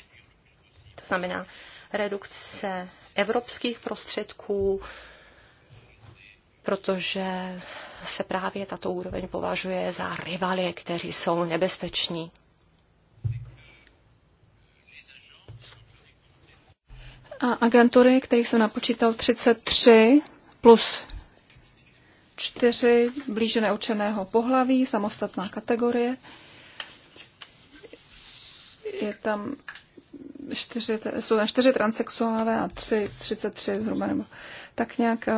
To znamená redukce evropských prostředků protože se právě tato úroveň považuje za rivaly, kteří jsou nebezpeční. A agentury, kterých jsem napočítal 33 plus 4 blíže neučeného pohlaví, samostatná kategorie. Je tam 4 jsou tam 4 transexuálové a 3, 33 zhruba, nebo tak nějak eh,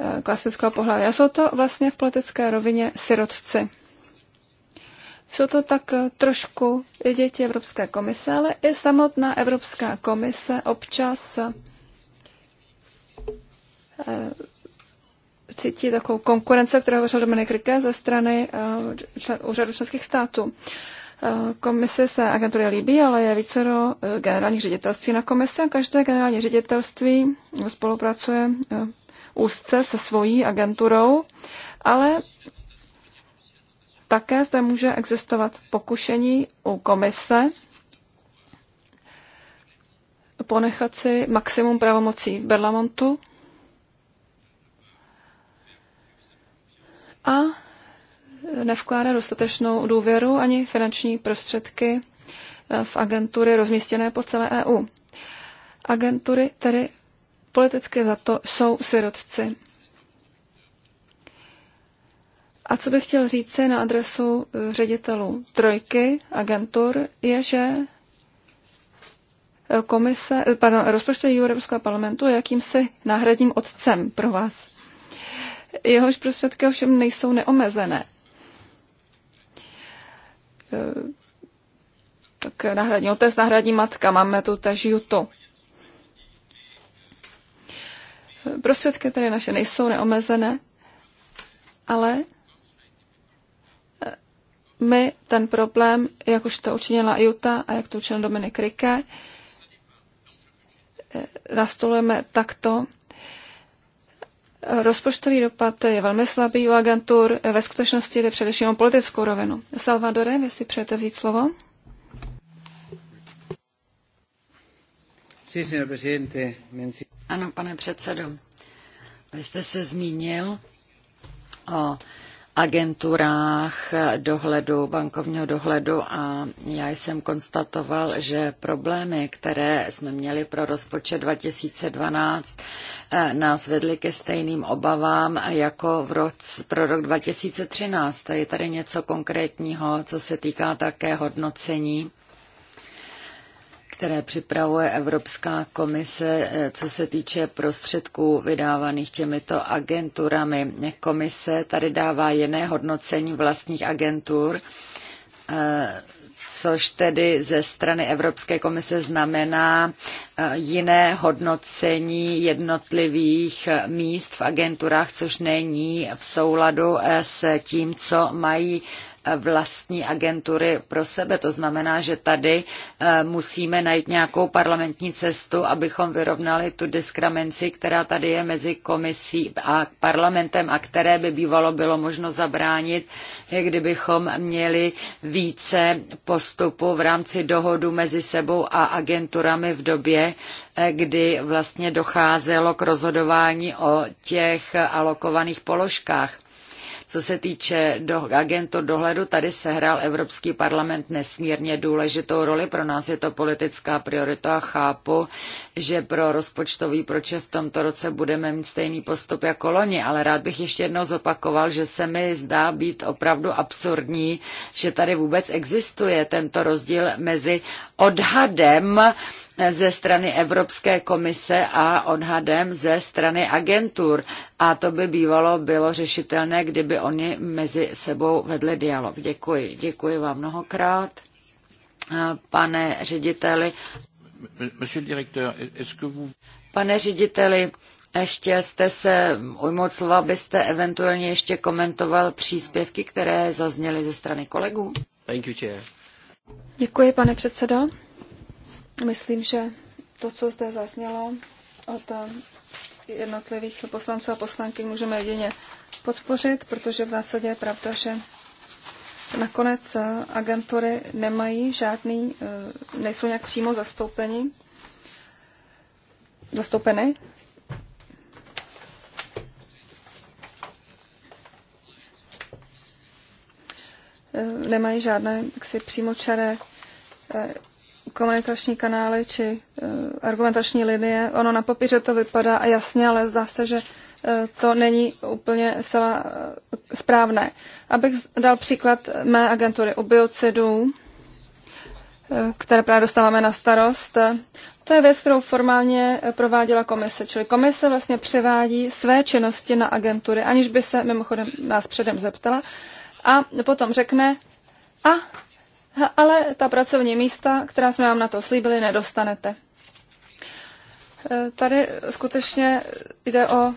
Eh, klasického pohlaví. A jsou to vlastně v politické rovině sirotci. Jsou to tak eh, trošku děti Evropské komise, ale i samotná Evropská komise občas eh, cítí takovou konkurenci, o které hovořil Dominik Rike ze strany úřadu členských států. Komise se agentury líbí, ale je více do generálních ředitelství na komise a každé generální ředitelství spolupracuje úzce se svojí agenturou, ale také zde může existovat pokušení u komise ponechat si maximum pravomocí Berlamontu a nevkládá dostatečnou důvěru ani finanční prostředky eh, v agentury rozmístěné po celé EU. Agentury tedy Politické za to jsou sirotci. A co bych chtěl říct na adresu eh, ředitelů trojky, agentur, je, že eh, komise, eh, pardon, rozpočtový Evropského parlamentu je jakýmsi náhradním otcem pro vás. Jehož prostředky ovšem nejsou neomezené. Tak náhradní otec, náhradní matka, máme tu tež jutu. Prostředky tady naše nejsou neomezené, ale eh, my ten problém, jak už to učinila Juta a jak to učinil Dominik Rike, eh, nastolujeme takto. Rozpočtový dopad je velmi slabý u agentur, ve skutečnosti jde především o politickou rovinu. Salvadore, vy si přejete vzít slovo? Ano, pane předsedo. Vy jste se zmínil o agenturách dohledu, bankovního dohledu a já jsem konstatoval, že problémy, které jsme měli pro rozpočet 2012, eh, nás vedly ke stejným obavám jako v roc, pro rok 2013. Je tady něco konkrétního, co se týká také hodnocení které připravuje Evropská komise, eh, co se týče prostředků vydávaných těmito agenturami. Komise tady dává jiné hodnocení vlastních agentur, eh, což tedy ze strany Evropské komise znamená eh, jiné hodnocení jednotlivých míst v agenturách, což není v souladu s tím, co mají vlastní agentury pro sebe. To znamená, že tady eh, musíme najít nějakou parlamentní cestu, abychom vyrovnali tu diskremenci, která tady je mezi komisí a parlamentem a které by bývalo bylo možno zabránit, kdybychom měli více postupu v rámci dohodu mezi sebou a agenturami v době, eh, kdy vlastně docházelo k rozhodování o těch alokovaných položkách. Co se týče do, agentur dohledu, tady sehrál Evropský parlament nesmírně důležitou roli. Pro nás je to politická priorita a chápu, že pro rozpočtový pročet v tomto roce budeme mít stejný postup jako loni, ale rád bych ještě jednou zopakoval, že se mi zdá být opravdu absurdní, že tady vůbec existuje tento rozdíl mezi odhadem ze strany Evropské komise a odhadem ze strany agentur. A to by bývalo bylo řešitelné, kdyby oni mezi sebou vedli dialog. Děkuji. Děkuji vám mnohokrát, pane řediteli. Pane řediteli, eh, chtěl jste se ujmout slova, abyste eventuálně ještě komentoval příspěvky, které zazněly ze strany kolegů? Děkuji, pane předsedo. Myslím, že to, co zde zaznělo od eh, jednotlivých poslanců a poslanky, můžeme jedině podpořit, protože v zásadě je pravda, že nakonec eh, agentury nemají žádný, eh, nejsou nějak přímo zastoupeni, zastoupeny. Nemají žádné přímo přímočaré komunikační kanály či eh, argumentační linie. Ono na papíře to vypadá jasně, ale zdá se, že eh, to není úplně celá eh, správné. Abych dal příklad mé agentury u biocidů, které právě dostáváme na starost. To je věc, kterou formálně prováděla komise, čili komise vlastně převádí své činnosti na agentury, aniž by se mimochodem nás předem zeptala a potom řekne, a ale ta pracovní místa, která jsme vám na to slíbili, nedostanete. Eh, tady skutečně jde eh, o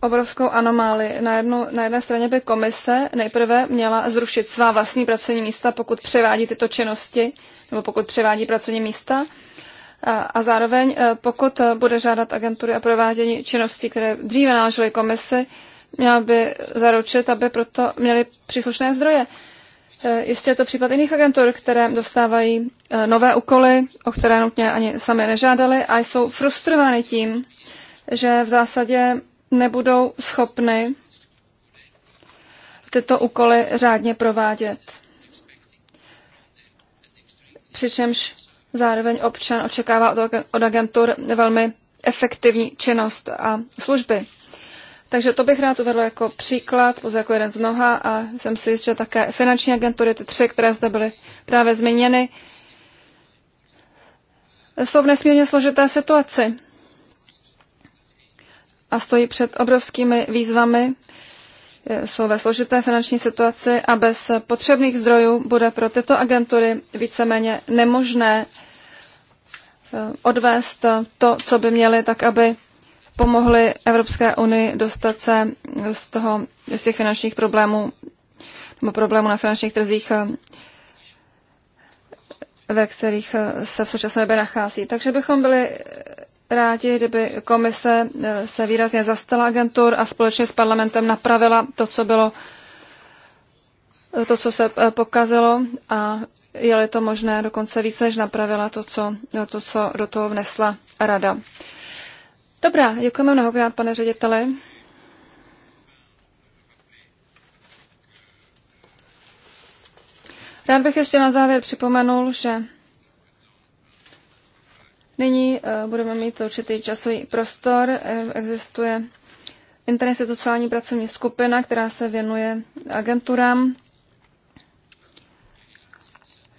obrovskou anomálii. Na, jednu, na jedné straně by komise nejprve měla zrušit svá vlastní pracovní místa, pokud převádí tyto činnosti, nebo pokud převádí pracovní místa. A, a zároveň, eh, pokud bude žádat agentury a provádění činností, které dříve náležely komisi, měla by zaručit, aby proto měly příslušné zdroje. Eh, jistě je to případ jiných agentur, které dostávají eh, nové úkoly, o které nutně ani sami nežádali a jsou frustrovány tím, že v zásadě nebudou schopny tyto úkoly řádně provádět. Přičemž zároveň občan očekává od agentur velmi efektivní činnost a služby. Takže to bych rád uvedl jako příklad, pouze jako jeden z mnoha a jsem si jistě, že také finanční agentury, ty tři, které zde byly právě zmíněny, jsou v nesmírně složité situaci a stojí před obrovskými výzvami, jsou ve složité finanční situaci a bez potřebných zdrojů bude pro tyto agentury víceméně nemožné eh, odvést to, co by měly, tak aby pomohly Evropské unii dostat se z, toho, z těch finančních problémů nebo problémů na finančních trzích, eh, ve kterých eh, se v současné době nachází. Takže bychom byli rádi, kdyby komise eh, se výrazně zastala agentur a společně s parlamentem napravila to, co bylo to, co se pokazilo a je-li to možné, dokonce více než napravila to co, to, co do toho vnesla rada. Dobrá, děkujeme mnohokrát, pane řediteli. Rád bych ještě na závěr připomenul, že nyní eh, budeme mít určitý časový prostor. Eh, existuje interinstitucionální pracovní skupina, která se věnuje agenturám.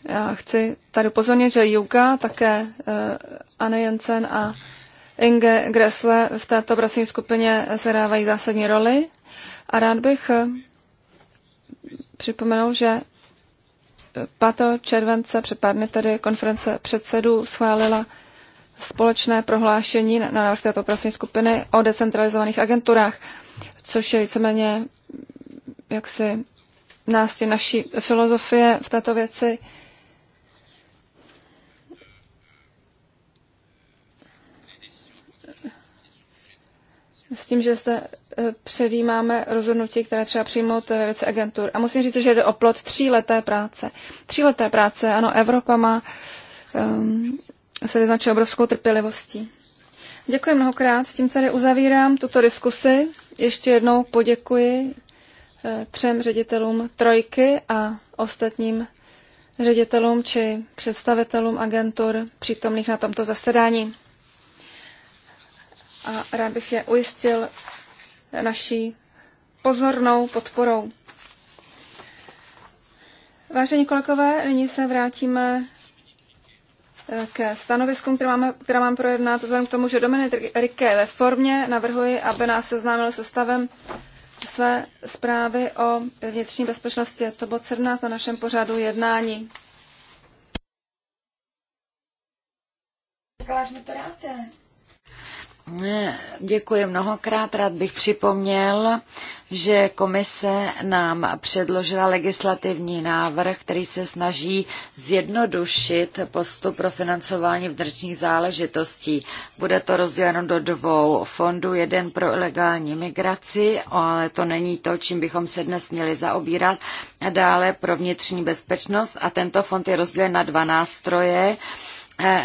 Já chci tady upozornit, že Juka, také eh, Anne Jensen a Inge Gressle v této pracovní skupině zahrávají zásadní roli. A rád bych eh, připomenul, že 5. Eh, července před pár dny tedy konference předsedů schválila společné prohlášení na návrh této pracovní skupiny o decentralizovaných agenturách, což je víceméně mm, jaksi nástěn naší filozofie v této věci. s tím, že se eh, předjímáme rozhodnutí, které třeba přijmout ve eh, věci agentur. A musím říct, že jde o plot tříleté práce. Tříleté práce, ano, Evropa má, um, se vyznačuje obrovskou trpělivostí. Děkuji mnohokrát, s tím tady uzavírám tuto diskusi. Ještě jednou poděkuji eh, třem ředitelům trojky a ostatním ředitelům či představitelům agentur přítomných na tomto zasedání a rád bych je ujistil naší pozornou podporou. Vážení kolegové, nyní se vrátíme eh, ke stanoviskům, která máme, která mám projednat. Vzhledem k tomu, že Dominik Rike ve formě navrhuji, aby nás seznámil se stavem své zprávy o vnitřní bezpečnosti. Je to bod 17 na našem pořadu jednání. Kaláš mi to dáte. Děkuji mnohokrát. Rád bych připomněl, že komise nám předložila legislativní návrh, který se snaží zjednodušit postup pro financování vnitřních záležitostí. Bude to rozděleno do dvou fondů. Jeden pro ilegální migraci, ale to není to, čím bychom se dnes měli zaobírat. A dále pro vnitřní bezpečnost. A tento fond je rozdělen na dva nástroje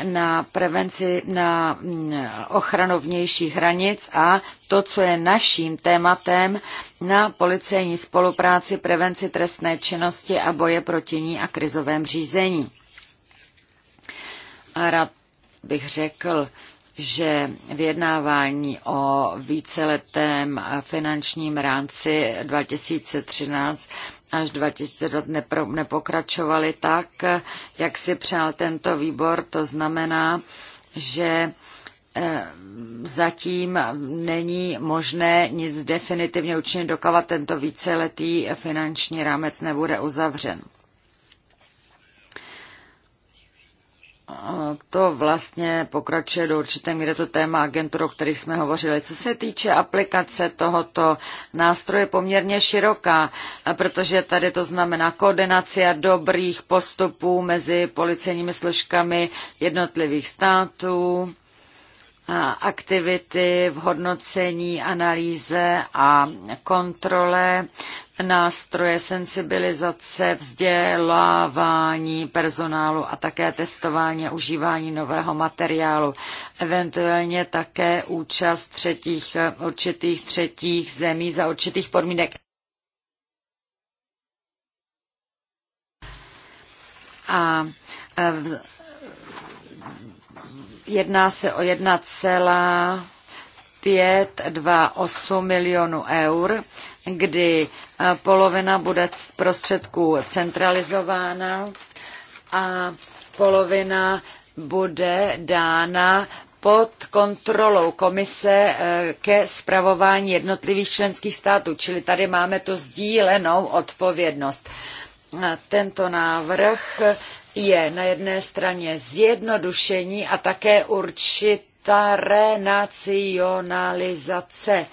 na prevenci, na mm, ochranu vnějších hranic a to, co je naším tématem na policejní spolupráci, prevenci trestné činnosti a boje proti ní a krizovém řízení. A rád bych řekl, že vyjednávání o víceletém finančním rámci 2013 až let nepro, nepokračovaly tak, jak si přál tento výbor. To znamená, že eh, zatím není možné nic definitivně učinit, dokávat, tento víceletý finanční rámec nebude uzavřen. to vlastně pokračuje do určité míry to téma agentur, o kterých jsme hovořili. Co se týče aplikace tohoto nástroje, poměrně široká, protože tady to znamená koordinace dobrých postupů mezi policejními složkami jednotlivých států, aktivity v hodnocení, analýze a kontrole, nástroje sensibilizace, vzdělávání personálu a také testování a užívání nového materiálu, eventuálně také účast třetích, určitých třetích zemí za určitých podmínek. A Jedná se o 1,528 milionů eur, kdy eh, polovina bude z prostředků centralizována a polovina bude dána pod kontrolou komise eh, ke zpravování jednotlivých členských států, čili tady máme tu sdílenou odpovědnost. Eh, tento návrh je na jedné straně zjednodušení a také určitá renacionalizace.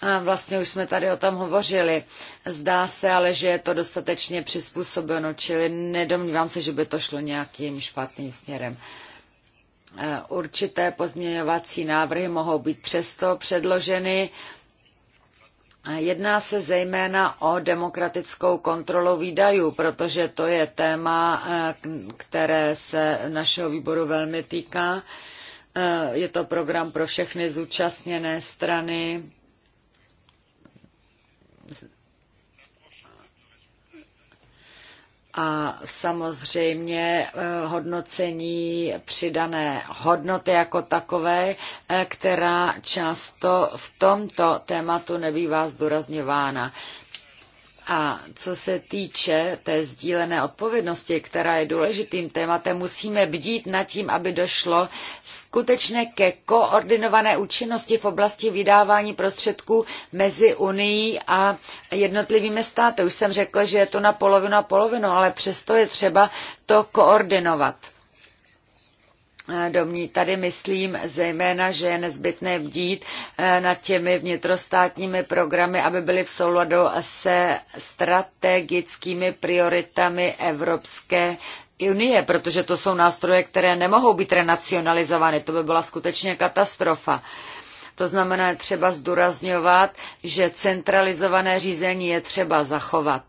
A vlastně už jsme tady o tom hovořili. Zdá se ale, že je to dostatečně přizpůsobeno, čili nedomnívám se, že by to šlo nějakým špatným směrem. E, určité pozměňovací návrhy mohou být přesto předloženy Jedná se zejména o demokratickou kontrolu výdajů, protože to je téma, eh, které se našeho výboru velmi týká. Eh, je to program pro všechny zúčastněné strany a samozřejmě eh, hodnocení přidané hodnoty jako takové, eh, která často v tomto tématu nebývá zdůrazňována. A co se týče té sdílené odpovědnosti, která je důležitým tématem, musíme bdít nad tím, aby došlo skutečně ke koordinované účinnosti v oblasti vydávání prostředků mezi Unii a jednotlivými státy. Už jsem řekla, že je to na polovinu a polovinu, ale přesto je třeba to koordinovat domní. Tady myslím zejména, že je nezbytné bdít eh, nad těmi vnitrostátními programy, aby byly v souladu se strategickými prioritami Evropské unie, protože to jsou nástroje, které nemohou být renacionalizovány. To by byla skutečně katastrofa. To znamená, třeba zdůrazňovat, že centralizované řízení je třeba zachovat.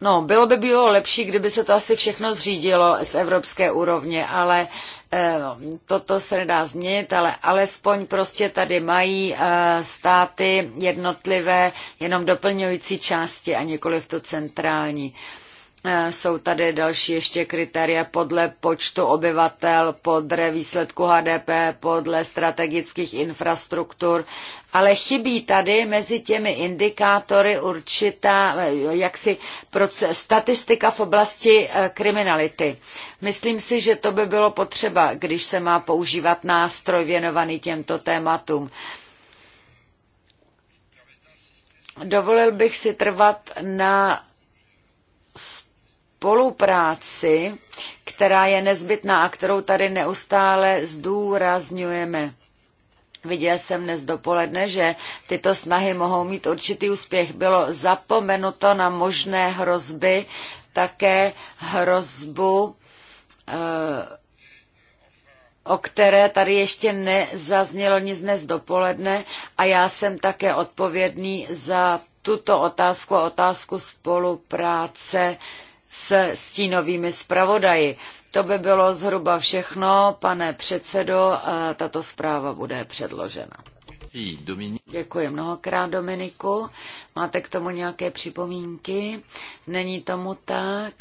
No, bylo by bylo lepší, kdyby se to asi všechno zřídilo z evropské úrovně, ale eh, toto se nedá změnit, ale alespoň prostě tady mají eh, státy jednotlivé jenom doplňující části a nikoliv to centrální. Eh, Eh, jsou tady další ještě kritéria podle počtu obyvatel, podle výsledku HDP, podle strategických infrastruktur, ale chybí tady mezi těmi indikátory určitá eh, jaksi proces, statistika v oblasti eh, kriminality. Myslím si, že to by bylo potřeba, když se má používat nástroj věnovaný těmto tématům. Dovolil bych si trvat na spolupráci, která je nezbytná a kterou tady neustále zdůrazňujeme. Viděl jsem dnes dopoledne, že tyto snahy mohou mít určitý úspěch. Bylo zapomenuto na možné hrozby, také hrozbu, eh, o které tady ještě nezaznělo nic dnes dopoledne a já jsem také odpovědný za tuto otázku a otázku spolupráce se stínovými zpravodaji. To by bylo zhruba všechno, pane předsedo, tato zpráva bude předložena. Děkuji mnohokrát, Dominiku. Máte k tomu nějaké připomínky? Není tomu tak.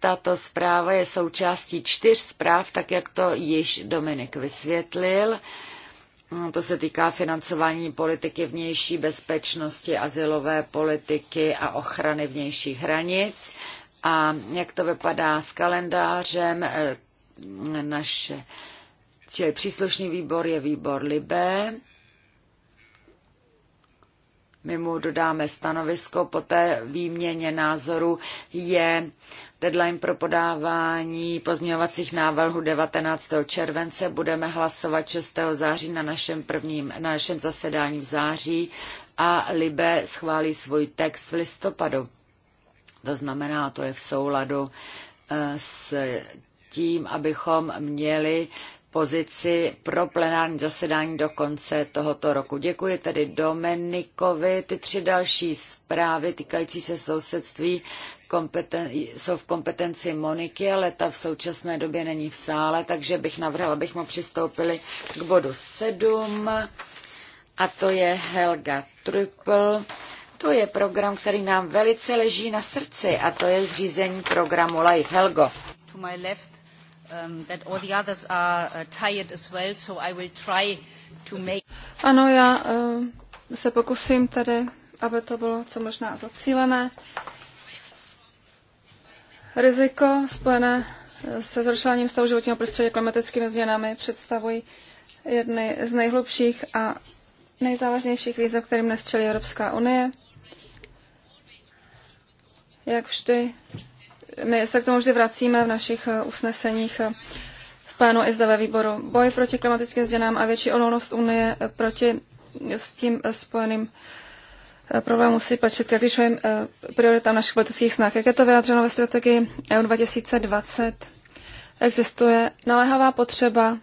Tato zpráva je součástí čtyř zpráv, tak jak to již Dominik vysvětlil. To se týká financování politiky vnější bezpečnosti, asilové politiky a ochrany vnějších hranic a jak to vypadá s kalendářem eh, naše. Čili příslušný výbor je výbor Libé. My mu dodáme stanovisko, po té výměně názoru je deadline pro podávání pozměňovacích návrhů 19. července. Budeme hlasovat 6. září na našem, prvním, na našem zasedání v září a Libe schválí svůj text v listopadu. To znamená, to je v souladu eh, s tím, abychom měli pozici pro plenární zasedání do konce tohoto roku. Děkuji tedy Domenikovi. Ty tři další zprávy týkající se sousedství kompeten, jsou v kompetenci Moniky, ale ta v současné době není v sále, takže bych navrhla, abychom přistoupili k bodu 7 a to je Helga Trüppel to je program, který nám velice leží na srdci a to je zřízení programu Life Helgo. To my left, um, that all the others are uh, tired as well, so I will try to make... Ano, já uh, se pokusím tady, aby to bylo co možná zacílené. Riziko spojené uh, se zrušováním stavu životního prostředí klimatickými změnami představují jedny z nejhlubších a nejzávažnějších výzev, kterým dnes čelí Evropská unie jak vždy, my se k tomu vždy vracíme v našich eh, usneseních eh, v plánu i zde ve výboru. Boj proti klimatickým změnám a větší odolnost Unie eh, proti s tím spojeným problém musí patřit ke klíčovým prioritám našich politických snah. Jak je to vyjádřeno ve strategii EU 2020, existuje naléhavá potřeba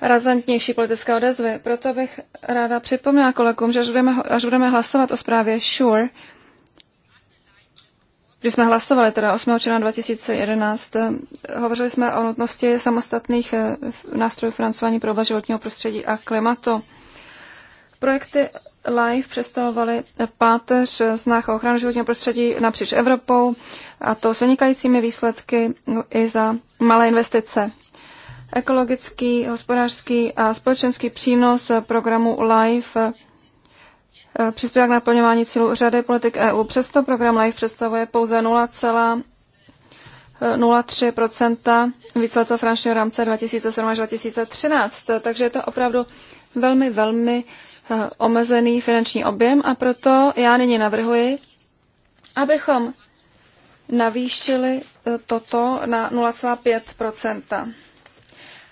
razantnější politické odezvy. Proto bych ráda připomněla kolegům, že až budeme, až budeme hlasovat o zprávě SURE, když jsme hlasovali, teda 8. června 2011, eh, hovořili jsme o nutnosti samostatných eh, nástrojů financování pro oba životního prostředí a klimatu. Projekty LIFE představovaly páteř znách ochrany ochranu životního prostředí napříč Evropou a to s vynikajícími výsledky no, i za malé investice. Ekologický, hospodářský a společenský přínos programu LIFE Eh, přispívá k naplňování cílů řady politik EU. Přesto program LIFE představuje pouze 0,03 eh, víceletého finančního rámce 2007 až 2013. Takže je to opravdu velmi, velmi eh, omezený finanční objem a proto já nyní navrhuji, abychom navýšili toto na 0,5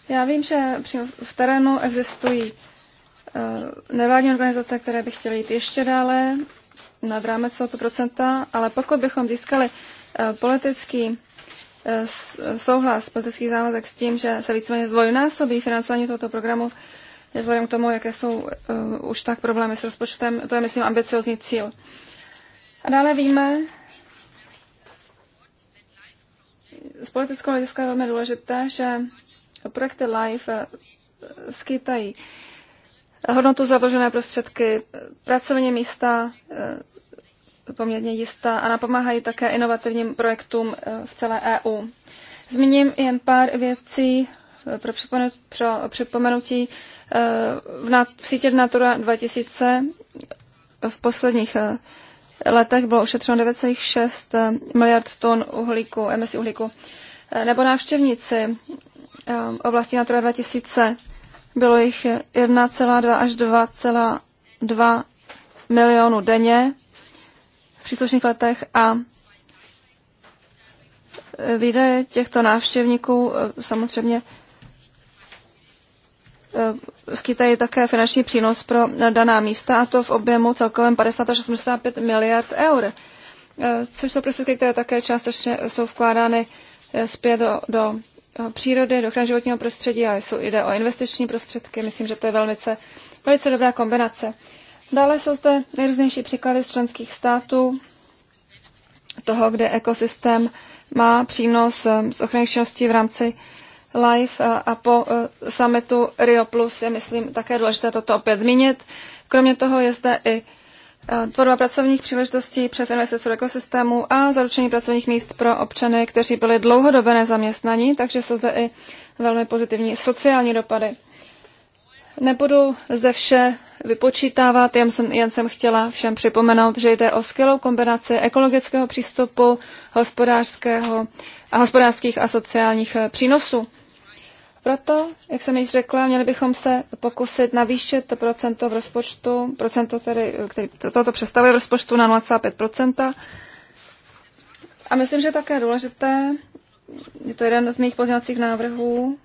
Já vím, že v terénu existují Eh, nevládní organizace, které by chtěly jít ještě dále nad rámec tohoto procenta, ale pokud bychom získali eh, politický eh, souhlas, politický závazek s tím, že se víceméně zdvojnásobí financování tohoto programu, vzhledem k tomu, jaké jsou uh, už tak problémy s rozpočtem, to je, myslím, ambiciozní cíl. A dále víme, z politického hlediska je velmi důležité, že projekty LIFE skýtají hodnotu založené prostředky, pracovní místa eh, poměrně jistá a napomáhají také inovativním projektům eh, v celé EU. Zmíním jen pár věcí eh, pro, připomenutí. V, nat, v sítě Natura 2000 v posledních letech bylo ušetřeno 9,6 miliard ton uhlíku, emisí uhlíku. Nebo návštěvníci oblasti Natura 2000 bylo jich 1,2 až 2,2 milionu denně v příslušných letech a e, výdaje těchto návštěvníků e, samozřejmě e, skýtají také finanční přínos pro daná místa, a to v objemu celkovém 50 až 85 miliard eur, což jsou prostředky, které také částečně jsou vkládány zpět do, do přírody, do ochrany životního prostředí a jsou, jde o investiční prostředky. Myslím, že to je velmi, velice dobrá kombinace. Dále jsou zde nejrůznější příklady z členských států toho, kde ekosystém má přínos eh, z ochranných činností v rámci LIFE a po eh, summitu Rio Plus je, myslím, také důležité toto opět zmínit. Kromě toho je zde i Eh, tvorba pracovních příležitostí přes investice do ekosystému a zaručení pracovních míst pro občany, kteří byli dlouhodobě nezaměstnaní, takže jsou zde i velmi pozitivní sociální dopady. Nebudu zde vše vypočítávat, jen jsem, jen jsem chtěla všem připomenout, že jde o skvělou kombinaci ekologického přístupu, hospodářského a hospodářských a sociálních eh, přínosů. Proto, jak jsem již řekla, měli bychom se pokusit navýšit to procento v rozpočtu, procento tedy, který toto představuje v rozpočtu na 0,5 A myslím, že také důležité, je to jeden z mých pozměňovacích návrhů,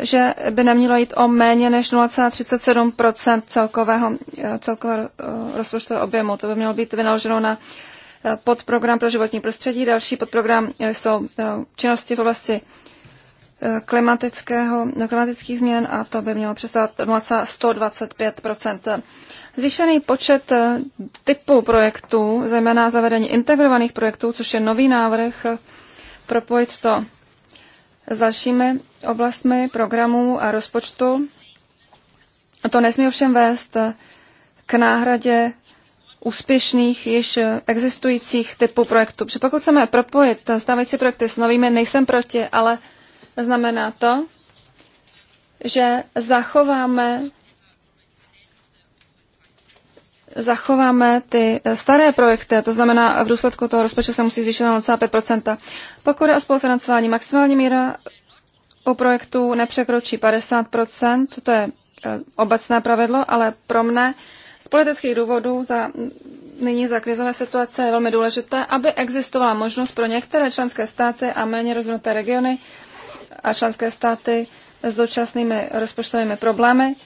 že by nemělo jít o méně než 0,37 celkového, celkového eh, rozpočtového objemu. To by mělo být vynaloženo na eh, podprogram pro životní prostředí. Další podprogram eh, jsou činnosti v oblasti klimatického, klimatických změn a to by mělo představovat 125 Zvýšený počet eh, typů projektů, zejména zavedení integrovaných projektů, což je nový návrh, eh, propojit to s dalšími oblastmi programů a rozpočtu. To nesmí ovšem vést eh, k náhradě úspěšných, již existujících typů projektů. Protože pokud chceme propojit stávající projekty s novými, nejsem proti, ale Znamená to, že zachováme zachováme ty eh, staré projekty, to znamená v důsledku toho rozpočtu se musí zvýšit na 0,5%. Pokud je o spolufinancování, maximální míra u projektů nepřekročí 50%, to je eh, obecné pravidlo, ale pro mne z politických důvodů za, nyní za krizové situace je velmi důležité, aby existovala možnost pro některé členské státy a méně rozvinuté regiony a členské státy s dočasnými rozpočtovými problémy,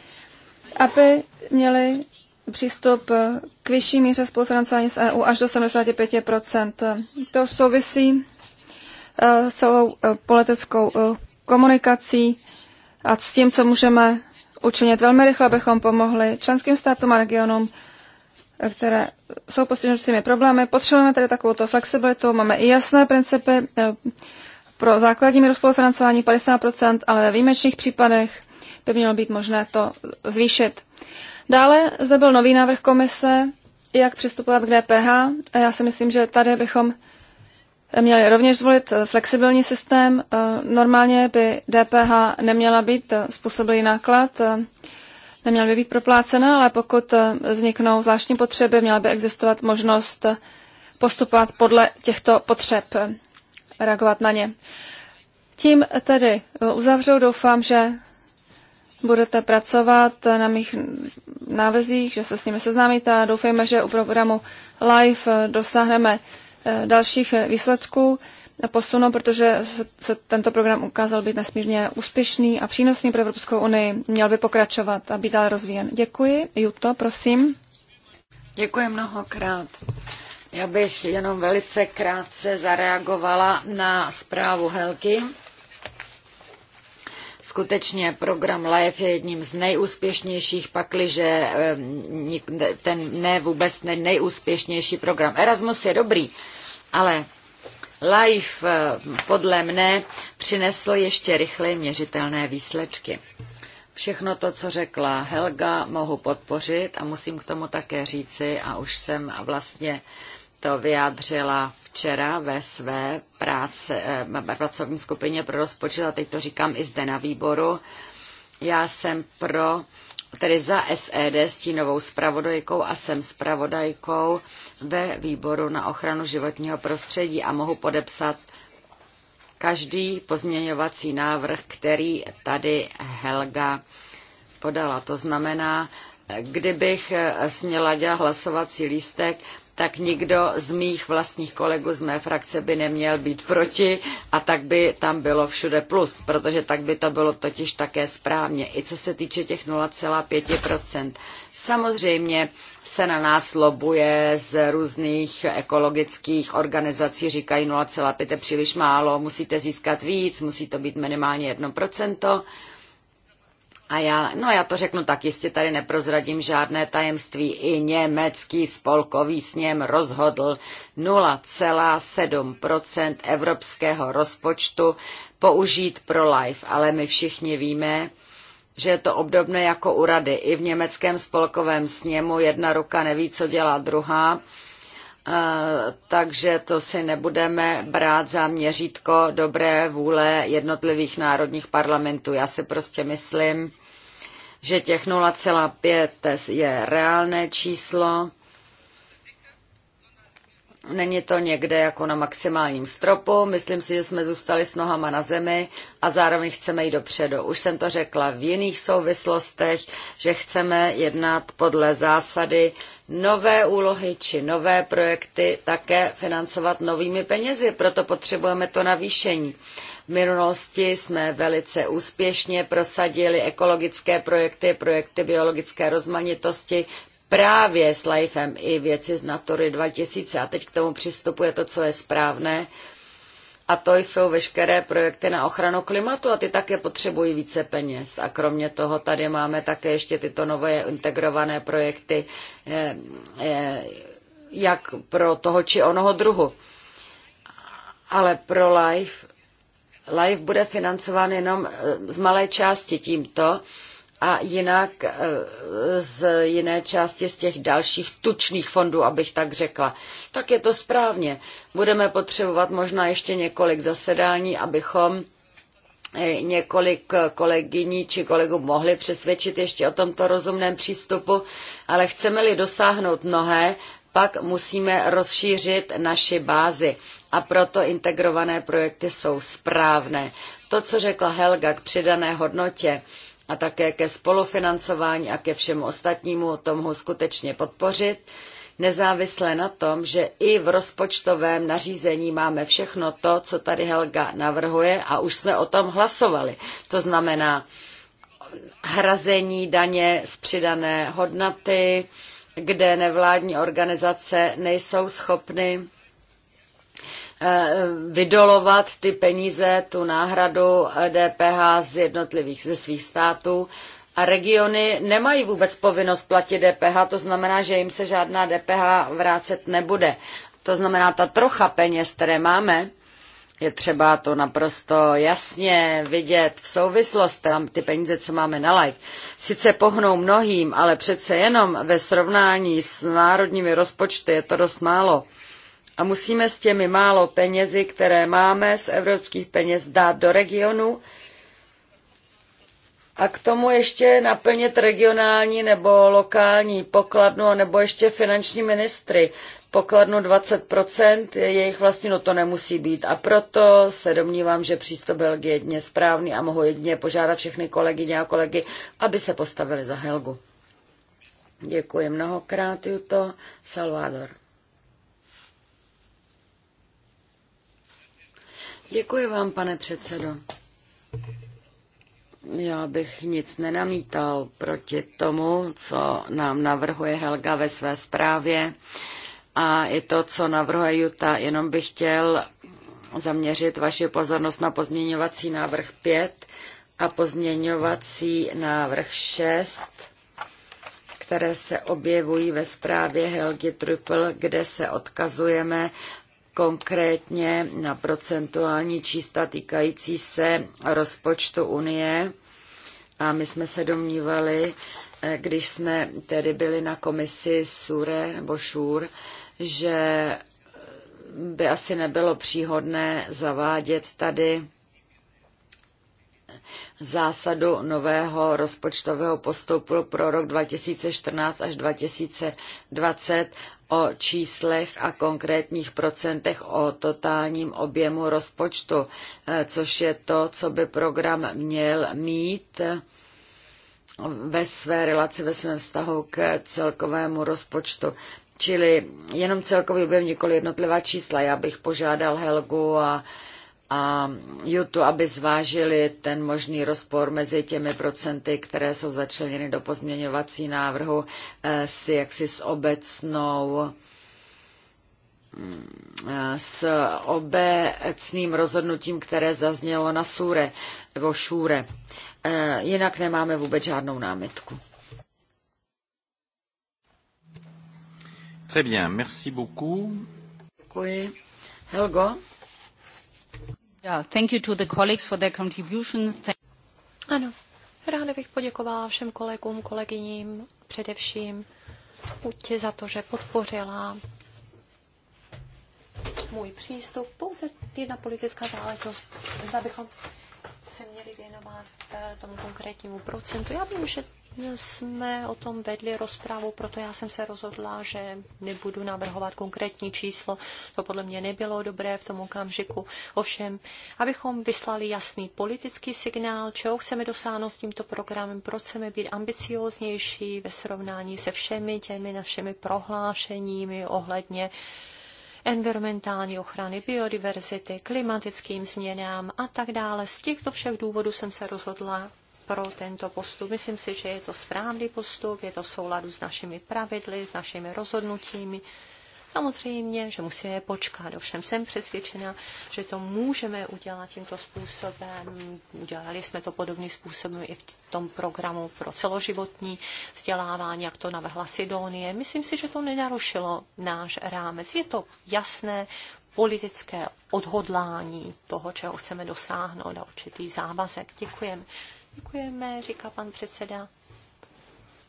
aby měli přístup k vyšší míře spolufinancování s EU až do 75 To souvisí eh, s celou eh, politickou eh, komunikací a s tím, co můžeme učinit velmi rychle, abychom pomohli členským státům a regionům, které jsou postiženými problémy. Potřebujeme tedy takovouto flexibilitu, máme i jasné principy pro základní míru spolufinancování 50%, ale ve výjimečných případech by mělo být možné to zvýšit. Dále zde byl nový návrh komise, jak přistupovat k DPH. A já si myslím, že tady bychom měli rovněž zvolit flexibilní systém. Normálně by DPH neměla být způsobilý náklad, neměla by být proplácena, ale pokud vzniknou zvláštní potřeby, měla by existovat možnost postupovat podle těchto potřeb reagovat na ně. Tím tedy eh, uzavřu, doufám, že budete pracovat na mých návrzích, že se s nimi seznámíte a doufejme, že u programu Live eh, dosáhneme eh, dalších výsledků a posunu, protože se tento program ukázal být nesmírně úspěšný a přínosný pro Evropskou unii. Měl by pokračovat a být dále rozvíjen. Děkuji. Juto, prosím. Děkuji mnohokrát. Já bych jenom velice krátce zareagovala na zprávu Helky. Skutečně program LIFE je jedním z nejúspěšnějších, pakliže eh, ten ne vůbec ne nejúspěšnější program. Erasmus je dobrý, ale LIFE eh, podle mne přinesl ještě rychleji měřitelné výsledky. Všechno to, co řekla Helga, mohu podpořit a musím k tomu také říci, a už jsem vlastně uh, to vyjádřila včera ve své práce, eh, pracovní skupině pro rozpočet, a teď to říkám i zde na výboru. Já jsem pro tedy za SED s e novou spravodajkou a jsem spravodajkou ve výboru na ochranu životního prostředí a mohu podepsat každý pozměňovací návrh, který tady Helga podala. To znamená, kdybych směla dělat hlasovací lístek, tak nikdo z mých vlastních kolegů z mé frakce by neměl být proti a tak by tam bylo všude plus, protože tak by to bylo totiž také správně, i co se týče těch 0,5%. Samozřejmě se na nás lobuje z různých ekologických organizací, říkají 0,5 je příliš málo, musíte získat víc, musí to být minimálně 1%. A já, no já to řeknu tak, jistě tady neprozradím žádné tajemství. I německý spolkový sněm rozhodl 0,7 evropského rozpočtu použít pro life, ale my všichni víme, že je to obdobné jako u rady. I v německém spolkovém sněmu jedna ruka neví, co dělá druhá, eh, takže to si nebudeme brát za měřítko dobré vůle jednotlivých národních parlamentů. Já si prostě myslím, že těch 0,5 je reálné číslo. Není to někde jako na maximálním stropu. Myslím si, že jsme zůstali s nohama na zemi a zároveň chceme jít dopředu. Už jsem to řekla v jiných souvislostech, že chceme jednat podle zásady nové úlohy či nové projekty také financovat novými penězi. Proto potřebujeme to navýšení. V minulosti jsme velice úspěšně prosadili ekologické projekty, projekty biologické rozmanitosti, právě s Lifem i věci z Natury 2000 a teď k tomu přistupuje to, co je správné. A to jsou veškeré projekty na ochranu klimatu a ty také potřebují více peněz. A kromě toho tady máme také ještě tyto nové integrované projekty, eh, eh, jak pro toho či onoho druhu. Ale pro life Life bude financován jenom eh, z malé části tímto a jinak eh, z jiné části z těch dalších tučných fondů, abych tak řekla. Tak je to správně. Budeme potřebovat možná ještě několik zasedání, abychom eh, několik kolegyní či kolegů mohli přesvědčit ještě o tomto rozumném přístupu, ale chceme-li dosáhnout mnohé, pak musíme rozšířit naši bázi a proto integrované projekty jsou správné. To, co řekla Helga k přidané hodnotě a také ke spolufinancování a ke všemu ostatnímu, to mohu skutečně podpořit nezávisle na tom, že i v rozpočtovém nařízení máme všechno to, co tady Helga navrhuje a už jsme o tom hlasovali. To znamená hrazení daně z přidané hodnoty, kde nevládní organizace nejsou schopny Eh, vydolovat ty peníze, tu náhradu DPH z jednotlivých ze svých států. A regiony nemají vůbec povinnost platit DPH, to znamená, že jim se žádná DPH vrácet nebude. To znamená, ta trocha peněz, které máme, je třeba to naprosto jasně vidět v souvislosti, tam ty peníze, co máme na live, sice pohnou mnohým, ale přece jenom ve srovnání s národními rozpočty je to dost málo. A musíme s těmi málo penězi, které máme z evropských peněz, dát do regionu a k tomu ještě naplnit regionální nebo lokální pokladnu, nebo ještě finanční ministry. Pokladnu 20% jejich vlastní, no to nemusí být. A proto se domnívám, že přístup Belgie je jedině správný a mohu jedině požádat všechny kolegyně a kolegy, aby se postavili za Helgu. Děkuji mnohokrát, Juto. Salvador. Děkuji vám, pane předsedo. Já bych nic nenamítal proti tomu, co nám navrhuje Helga ve své zprávě a i to, co navrhuje Juta. Jenom bych chtěl zaměřit vaši pozornost na pozměňovací návrh 5 a pozměňovací návrh 6, které se objevují ve zprávě Helgi Trüppel, kde se odkazujeme konkrétně na procentuální čísla týkající se rozpočtu Unie. A my jsme se domnívali, eh, když jsme tedy byli na komisi SURE nebo ŠUR, že by asi nebylo příhodné zavádět tady zásadu nového rozpočtového postupu pro rok 2014 až 2020 o číslech a konkrétních procentech o totálním objemu rozpočtu, eh, což je to, co by program měl mít eh, ve své relaci, ve svém vztahu k celkovému rozpočtu. Čili jenom celkový objem, nikoli jednotlivá čísla. Já bych požádal Helgu a uh, a Jutu, aby zvážili ten možný rozpor mezi těmi procenty, které jsou začleněny do pozměňovací návrhu, eh, s jaksi s obecnou eh, s obecným rozhodnutím, které zaznělo na Sure nebo Šure. Eh, jinak nemáme vůbec žádnou námitku. Très bien, merci beaucoup. Děkuji. Helgo? ano, ráda bych poděkovala všem kolegům, kolegyním, především Utě za to, že podpořila můj přístup. Pouze jedna politická záležitost, zda bychom se měli věnovat eh, tomu konkrétnímu procentu. Já vím, že jsme o tom vedli rozprávu, proto já jsem se rozhodla, že nebudu navrhovat konkrétní číslo. To podle mě nebylo dobré v tom okamžiku. Ovšem, abychom vyslali jasný politický signál, čeho chceme dosáhnout s tímto programem, proč chceme být ambicióznější ve srovnání se všemi těmi našimi prohlášeními ohledně environmentální ochrany, biodiverzity, klimatickým změnám a tak dále. Z těchto všech důvodů jsem se rozhodla pro tento postup. Myslím si, že je to správný postup, je to v souladu s našimi pravidly, s našimi rozhodnutími. Samozřejmě, že musíme počkat. Ovšem jsem přesvědčena, že to můžeme udělat tímto způsobem. Udělali jsme to podobným způsobem i v tom programu pro celoživotní vzdělávání, jak to navrhla Sidonie. Myslím si, že to nenarušilo náš rámec. Je to jasné politické odhodlání toho, čeho chceme dosáhnout a určitý závazek. Děkujeme. Děkujeme, říká pan předseda.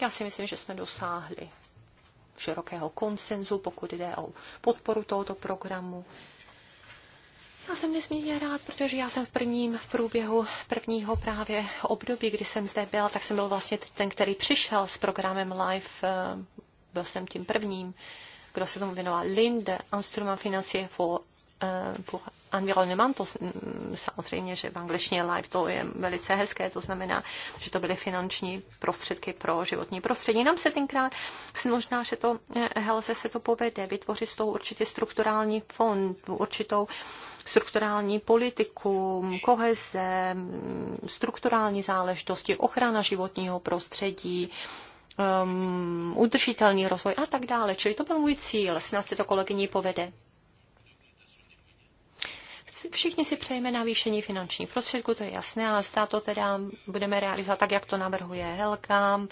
Já si myslím, že jsme dosáhli širokého konsenzu, pokud jde o podporu tohoto programu. Já jsem nesmírně rád, protože já jsem v prvním v průběhu prvního právě období, kdy jsem zde byl, tak jsem byl vlastně ten, který přišel s programem Live. Eh, byl jsem tím prvním, kdo se tomu věnoval. Linde, Instrument Financier for Eh, pour environnement, to mm, samozřejmě, že v angličtině life to je velice hezké, to znamená, že to byly finanční prostředky pro životní prostředí. Nám se tenkrát si možná, že to eh, Helze se to povede vytvořit z toho určitě strukturální fond, určitou strukturální politiku, koheze, mm, strukturální záležitosti, ochrana životního prostředí, um, udržitelný rozvoj a tak dále. Čili to byl můj cíl, snad se to kolegyní povede všichni si přejeme navýšení finanční prostředku, to je jasné, ale stát to teda budeme realizovat tak, jak to navrhuje Helkám.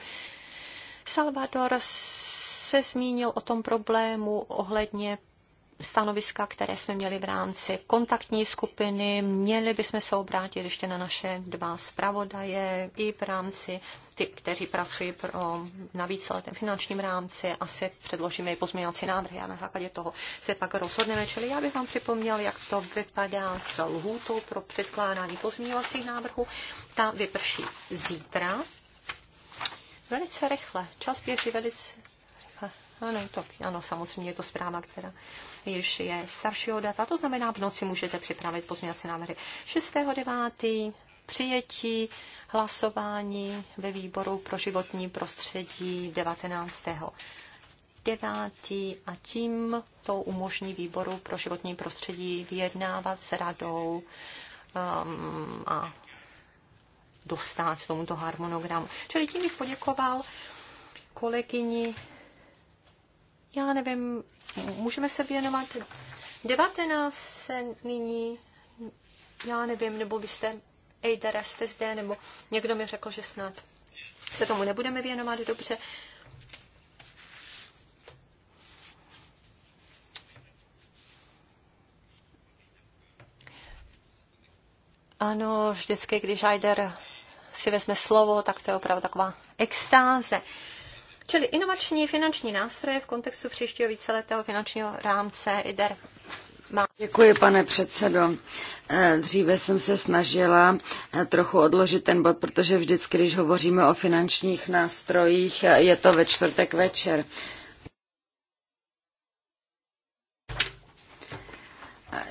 Salvador se zmínil o tom problému ohledně stanoviska, které jsme měli v rámci kontaktní skupiny. Měli bychom se obrátit ještě na naše dva zpravodaje i v rámci ty, kteří pracují pro, na víceletém finančním rámci. Asi předložíme i pozměňovací návrhy a na základě toho se pak rozhodneme. Čili já bych vám připomněl, jak to vypadá s lhůtou pro předkládání pozměňovacích návrhů. Ta vyprší zítra. Velice rychle. Čas běží velice ano, to, ano, samozřejmě je to zpráva, která již je staršího data, to znamená v noci můžete připravit pozměňovací návrhy 6.9. přijetí hlasování ve výboru pro životní prostředí 19. 9. a tím to umožní výboru pro životní prostředí vyjednávat s radou um, a dostat tomuto harmonogramu. Čili tím bych poděkoval kolegyni já nevím, můžeme se věnovat 19 nyní, já nevím, nebo vy jste Ejdera, jste zde, nebo někdo mi řekl, že snad se tomu nebudeme věnovat dobře. Ano, vždycky, když Ajder si vezme slovo, tak to je opravdu taková extáze. Čili inovační finanční nástroje v kontextu příštího víceletého finančního rámce IDER. Děkuji, pane předsedo. Eh, dříve jsem se snažila eh, trochu odložit ten bod, protože vždycky, když hovoříme o finančních nástrojích, eh, je to ve čtvrtek večer.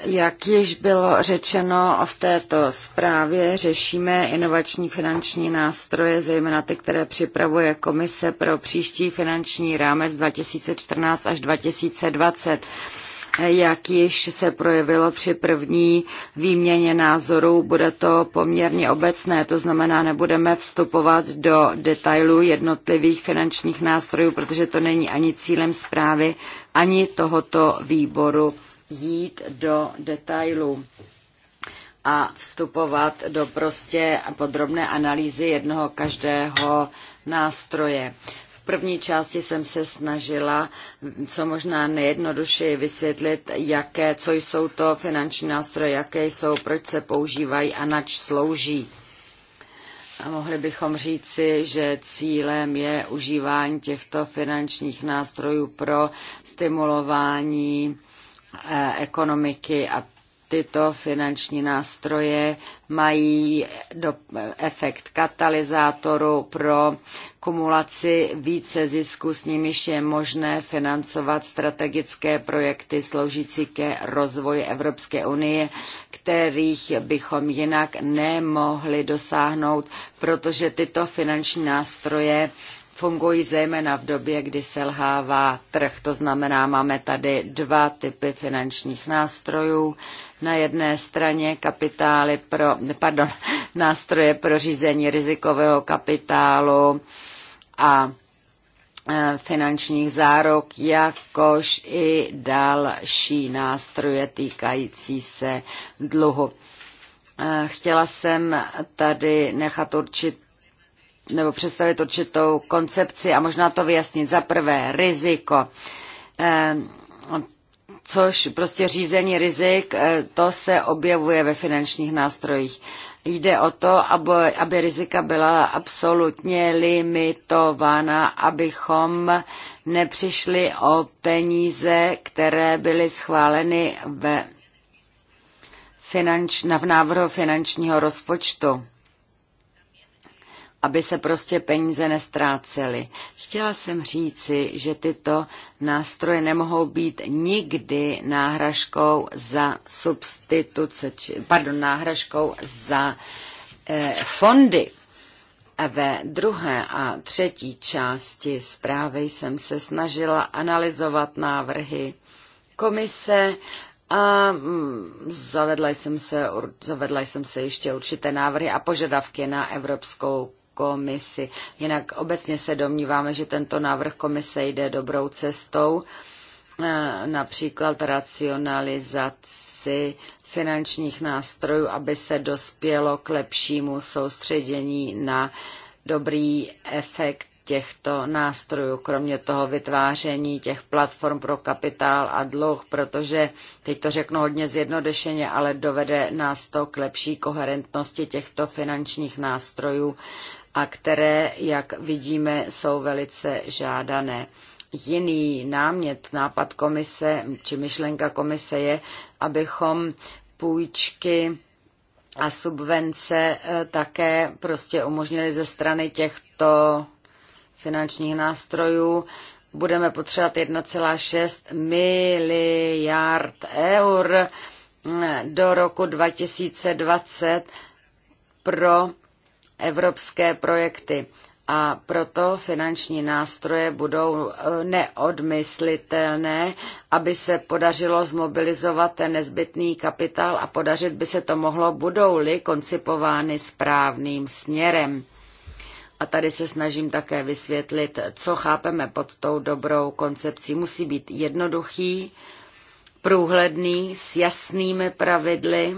Jak již bylo řečeno v této zprávě, řešíme inovační finanční nástroje, zejména ty, které připravuje Komise pro příští finanční rámec 2014 až 2020 jak již se projevilo při první výměně názorů, bude to poměrně obecné, to znamená, nebudeme vstupovat do detailů jednotlivých finančních nástrojů, protože to není ani cílem zprávy, ani tohoto výboru jít do detailů a vstupovat do prostě podrobné analýzy jednoho každého nástroje. V první části jsem se snažila co možná nejjednodušeji vysvětlit, jaké, co jsou to finanční nástroje, jaké jsou, proč se používají a nač slouží. A mohli bychom říci, že cílem je užívání těchto finančních nástrojů pro stimulování Eh, ekonomiky a tyto finanční nástroje mají do, efekt katalyzátoru pro kumulaci více zisku, s nimiž je možné financovat strategické projekty sloužící ke rozvoji Evropské unie, kterých bychom jinak nemohli dosáhnout, protože tyto finanční nástroje fungují zejména v době, kdy selhává trh. To znamená, máme tady dva typy finančních nástrojů. Na jedné straně kapitály pro, pardon, <laughs> nástroje pro řízení rizikového kapitálu a e, finančních zárok, jakož i další nástroje týkající se dluhu. E, chtěla jsem tady nechat určit nebo představit určitou koncepci a možná to vyjasnit. Za prvé, riziko ehm, což prostě řízení rizik, eh, to se objevuje ve finančních nástrojích. Jde o to, aby, aby rizika byla absolutně limitována, abychom nepřišli o peníze, které byly schváleny ve finanč, v návrhu finančního rozpočtu aby se prostě peníze nestrácely. Chtěla jsem říci, že tyto nástroje nemohou být nikdy náhražkou za substituce, či, pardon, náhražkou za eh, fondy. A ve druhé a třetí části zprávy jsem se snažila analyzovat návrhy komise, a mm, zavedla jsem, se, zavedla jsem se ještě určité návrhy a požadavky na Evropskou komisi. Jinak obecně se domníváme, že tento návrh komise jde dobrou cestou, eh, například racionalizaci finančních nástrojů, aby se dospělo k lepšímu soustředění na dobrý efekt těchto nástrojů, kromě toho vytváření těch platform pro kapitál a dluh, protože teď to řeknu hodně zjednodušeně, ale dovede nás to k lepší koherentnosti těchto finančních nástrojů a které, jak vidíme, jsou velice žádané. Jiný námět, nápad komise či myšlenka komise je, abychom půjčky a subvence eh, také prostě umožnili ze strany těchto finančních nástrojů budeme potřebovat 1,6 miliard eur do roku 2020 pro evropské projekty. A proto finanční nástroje budou eh, neodmyslitelné, aby se podařilo zmobilizovat ten nezbytný kapitál a podařit by se to mohlo, budou-li koncipovány správným směrem. A tady se snažím také vysvětlit, co chápeme pod tou dobrou koncepcí. Musí být jednoduchý, průhledný, s jasnými pravidly,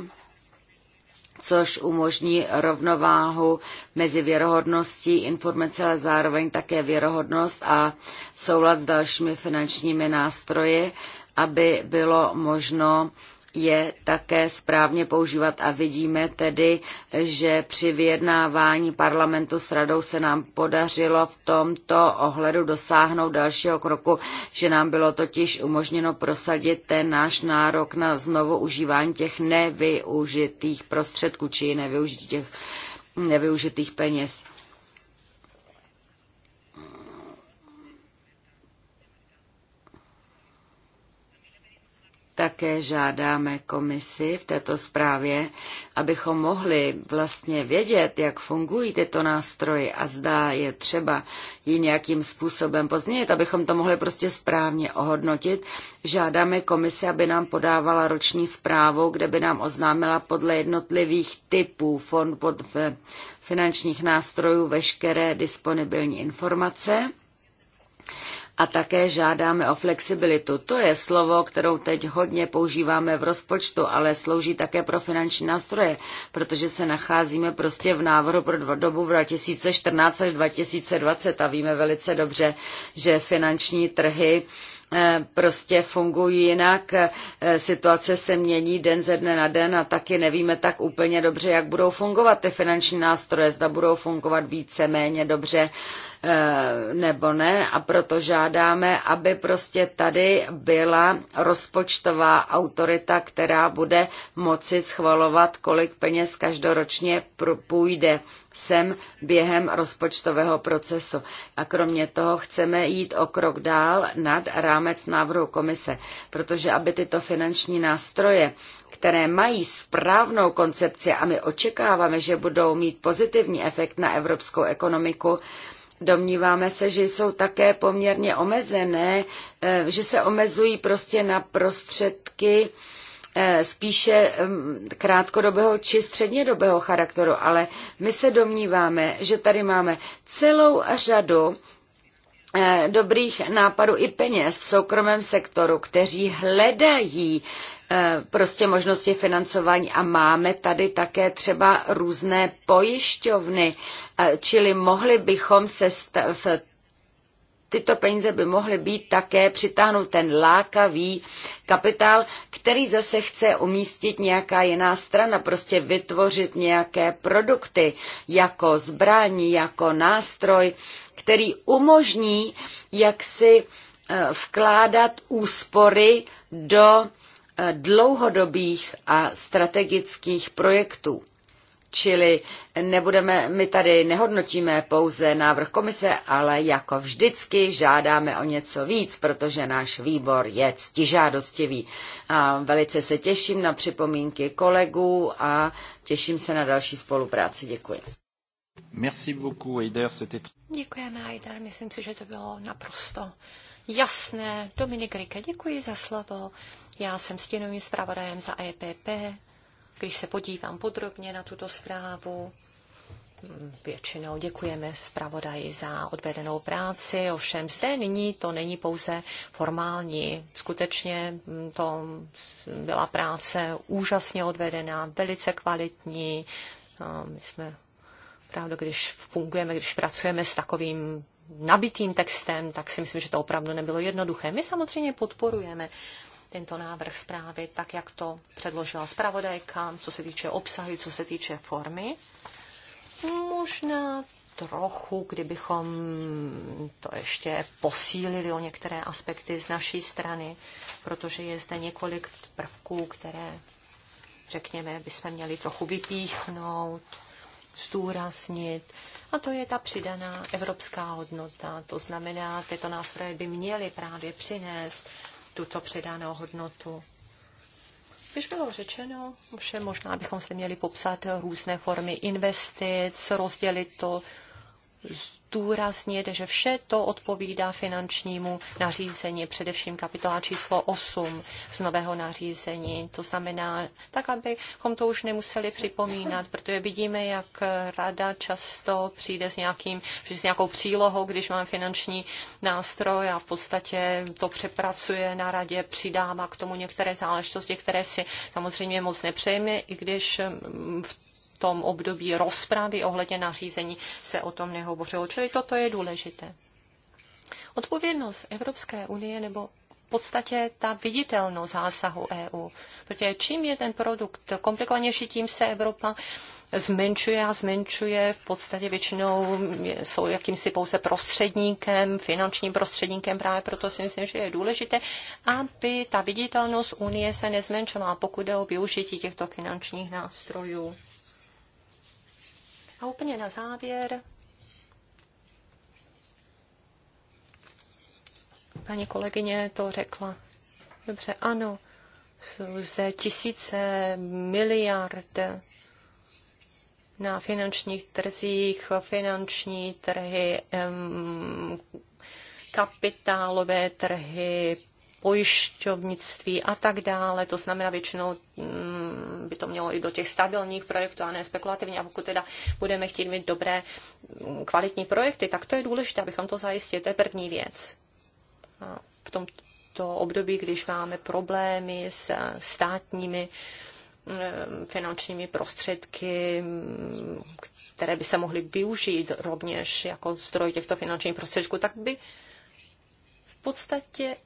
což umožní rovnováhu mezi věrohodností informace, ale zároveň také věrohodnost a soulad s dalšími finančními nástroji, aby bylo možno je také správně používat a vidíme tedy, že při vyjednávání parlamentu s radou se nám podařilo v tomto ohledu dosáhnout dalšího kroku, že nám bylo totiž umožněno prosadit ten náš nárok na znovu užívání těch nevyužitých prostředků či nevyužitých, nevyužitých peněz. Také žádáme komisi v této zprávě, abychom mohli vlastně vědět, jak fungují tyto nástroje a zdá je třeba ji nějakým způsobem pozměnit, abychom to mohli prostě správně ohodnotit. Žádáme komisi, aby nám podávala roční zprávu, kde by nám oznámila podle jednotlivých typů fond pod finančních nástrojů veškeré disponibilní informace a také žádáme o flexibilitu. To je slovo, kterou teď hodně používáme v rozpočtu, ale slouží také pro finanční nástroje, protože se nacházíme prostě v návrhu pro dobu 2014 až 2020 a víme velice dobře, že finanční trhy Eh, prostě fungují jinak, eh, situace se mění den ze dne na den a taky nevíme tak úplně dobře, jak budou fungovat ty finanční nástroje, zda budou fungovat více, méně dobře eh, nebo ne a proto žádáme, aby prostě tady byla rozpočtová autorita, která bude moci schvalovat, kolik peněz každoročně půjde sem během rozpočtového procesu. A kromě toho chceme jít o krok dál nad rámec návrhu komise, protože aby tyto finanční nástroje které mají správnou koncepci a my očekáváme, že budou mít pozitivní efekt na evropskou ekonomiku, Domníváme se, že jsou také poměrně omezené, eh, že se omezují prostě na prostředky, Eh, spíše krátkodobého či střednědobého charakteru, ale my se domníváme, že tady máme celou řadu eh, dobrých nápadů i peněz v soukromém sektoru, kteří hledají eh, prostě možnosti financování a máme tady také třeba různé pojišťovny, čili mohli bychom se v tyto peníze by mohly být také přitáhnout ten lákavý kapitál, který zase chce umístit nějaká jiná strana, prostě vytvořit nějaké produkty jako zbraň, jako nástroj, který umožní jaksi eh, vkládat úspory do eh, dlouhodobých a strategických projektů. Čili nebudeme, my tady nehodnotíme pouze návrh komise, ale jako vždycky žádáme o něco víc, protože náš výbor je ctižádostivý. A velice se těším na připomínky kolegů a těším se na další spolupráci. Děkuji. Merci beaucoup, Heider. Děkujeme, Heider. Myslím si, že to bylo naprosto jasné. Dominik Rike, děkuji za slovo. Já jsem stěnovým zpravodajem za EPP když se podívám podrobně na tuto zprávu, většinou děkujeme zpravodaji za odvedenou práci, ovšem zde nyní to není pouze formální. Skutečně mm, to byla práce úžasně odvedená, velice kvalitní. My jsme, opravdu, když fungujeme, když pracujeme s takovým nabitým textem, tak si myslím, že to opravdu nebylo jednoduché. My samozřejmě podporujeme tento návrh zprávy, tak jak to předložila zpravodajka, co se týče obsahu, co se týče formy. Možná trochu, kdybychom to ještě posílili o některé aspekty z naší strany, protože je zde několik prvků, které, řekněme, bychom měli trochu vypíchnout, zdůraznit. A to je ta přidaná evropská hodnota. To znamená, tyto nástroje by měly právě přinést tuto předanou hodnotu. Když bylo řečeno, že možná bychom se měli popsat různé formy investic, rozdělit to zdůraznit, že vše to odpovídá finančnímu nařízení, především kapitola číslo 8 z nového nařízení. To znamená, tak abychom to už nemuseli připomínat, protože vidíme, jak rada často přijde s, nějakým, s nějakou přílohou, když mám finanční nástroj a v podstatě to přepracuje na radě, přidává k tomu některé záležitosti, které si samozřejmě moc nepřejeme, i když v tom období rozprávy ohledně nařízení se o tom nehovořilo. Čili toto je důležité. Odpovědnost Evropské unie nebo v podstatě ta viditelnost zásahu EU. Protože čím je ten produkt komplikovanější, tím se Evropa zmenšuje a zmenšuje. V podstatě většinou jsou jakýmsi pouze prostředníkem, finančním prostředníkem. Právě proto si myslím, že je důležité, aby ta viditelnost Unie se nezmenšovala, pokud jde o využití těchto finančních nástrojů. A úplně na závěr paní kolegyně to řekla. Dobře, ano, jsou zde tisíce miliard na finančních trzích, finanční trhy, kapitálové trhy, pojišťovnictví a tak dále. To znamená, většinou mm, by to mělo i do těch stabilních projektů a ne spekulativně. A pokud teda budeme chtít mít dobré, mm, kvalitní projekty, tak to je důležité, abychom to zajistili. To je první věc. A v tomto období, když máme problémy s eh, státními eh, finančními prostředky, mm, které by se mohly využít rovněž jako zdroj těchto finančních prostředků, tak by v podstatě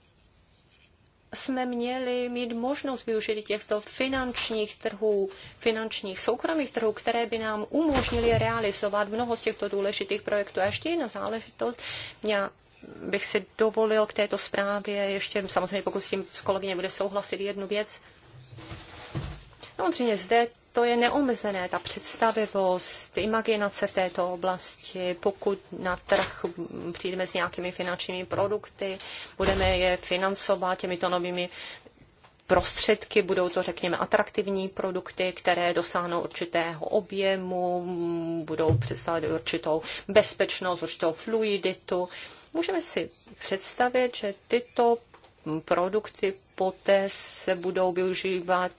jsme měli mít možnost využít těchto finančních trhů, finančních soukromých trhů, které by nám umožnily realizovat mnoho z těchto důležitých projektů. A ještě jedna záležitost, já bych si dovolil k této zprávě ještě, samozřejmě pokud s tím s kolegyně bude souhlasit, jednu věc. Samozřejmě zde to je neomezené, ta představivost, imaginace v této oblasti. Pokud na trh přijdeme s nějakými finančními produkty, budeme je financovat těmito novými prostředky, budou to, řekněme, atraktivní produkty, které dosáhnou určitého objemu, budou představit určitou bezpečnost, určitou fluiditu. Můžeme si představit, že tyto produkty poté se budou využívat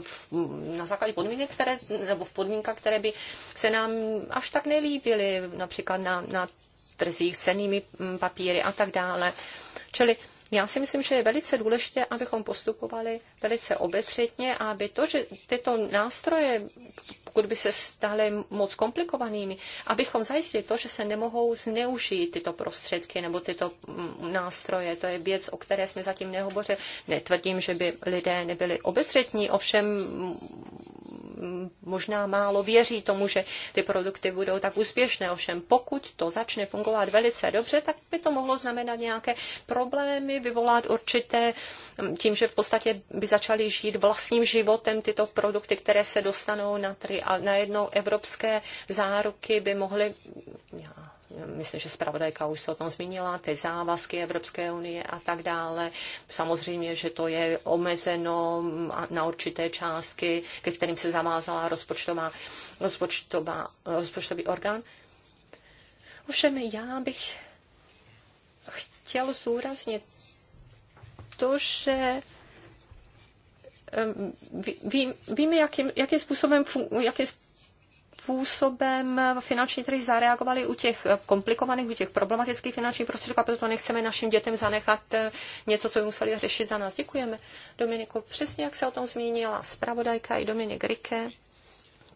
v, na základě podmínek, které, nebo v podmínkách, které by se nám až tak nelíbily, například na, na trzích s cenými mm, papíry a tak dále. Čili já si myslím, že je velice důležité, abychom postupovali velice obezřetně a aby to, že tyto nástroje, pokud by se staly moc komplikovanými, abychom zajistili to, že se nemohou zneužít tyto prostředky nebo tyto mm, nástroje. To je věc, o které jsme zatím nehovořili. Netvrdím, že by lidé nebyli obezřetní, ovšem možná málo věří tomu, že ty produkty budou tak úspěšné. Ovšem, pokud to začne fungovat velice dobře, tak by to mohlo znamenat nějaké problémy, vyvolat určité tím, že v podstatě by začaly žít vlastním životem tyto produkty, které se dostanou na tři a najednou evropské záruky by mohly já myslím, že zpravodajka už se o tom zmínila, ty závazky Evropské unie a tak dále. Samozřejmě, že to je omezeno na určité částky, ke kterým se zavázala rozpočtová, rozpočtová, rozpočtový orgán. Ovšem, já bych chtěl zúraznit to, že vím, víme, jakým, jakým způsobem, jakým, způsobem finanční trhy zareagovaly u těch komplikovaných, u těch problematických finančních prostředků a proto nechceme našim dětem zanechat eh, něco, co by museli řešit za nás. Děkujeme. Dominiku, přesně jak se o tom zmínila zpravodajka i Dominik Rike,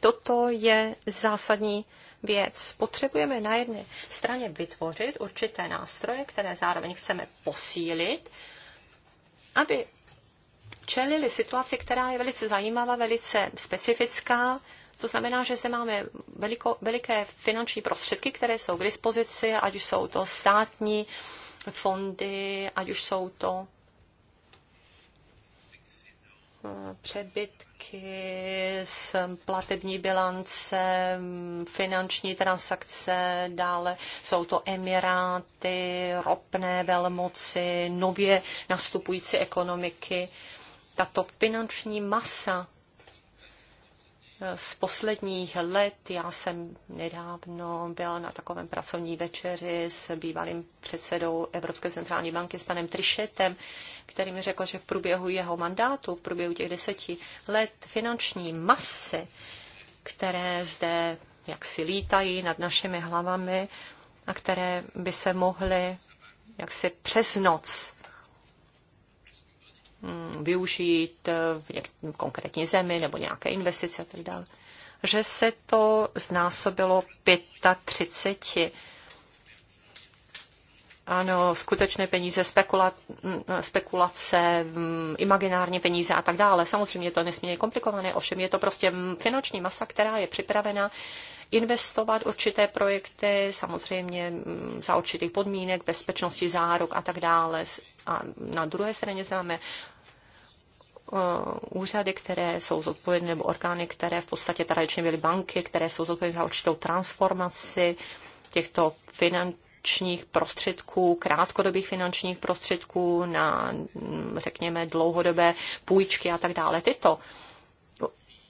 toto je zásadní věc. Potřebujeme na jedné straně vytvořit určité nástroje, které zároveň chceme posílit, aby čelili situaci, která je velice zajímavá, velice specifická, to znamená, že zde máme veliko, veliké finanční prostředky, které jsou k dispozici, ať už jsou to státní fondy, ať už jsou to eh, přebytky z platební bilance, finanční transakce, dále jsou to Emiráty, ropné velmoci, nově nastupující ekonomiky. Tato finanční masa z posledních let. Já jsem nedávno byla na takovém pracovní večeři s bývalým předsedou Evropské centrální banky, s panem Trišetem, který mi řekl, že v průběhu jeho mandátu, v průběhu těch deseti let finanční masy, které zde jaksi lítají nad našimi hlavami a které by se mohly jaksi přes noc Mm, využít v něk- konkrétní zemi nebo nějaké investice a tak dále, že se to znásobilo 35. Ano, skutečné peníze, spekula- spekulace, imaginární peníze a tak dále. Samozřejmě je to nesmírně komplikované, ovšem je to prostě finanční masa, která je připravena investovat určité projekty, samozřejmě za určitých podmínek, bezpečnosti záruk a tak dále. A na druhé straně známe Eh, úřady, které jsou zodpovědné, nebo orgány, které v podstatě tradičně byly banky, které jsou zodpovědné za určitou transformaci těchto finančních prostředků, krátkodobých finančních prostředků na, mm, řekněme, dlouhodobé půjčky a tak dále. Tyto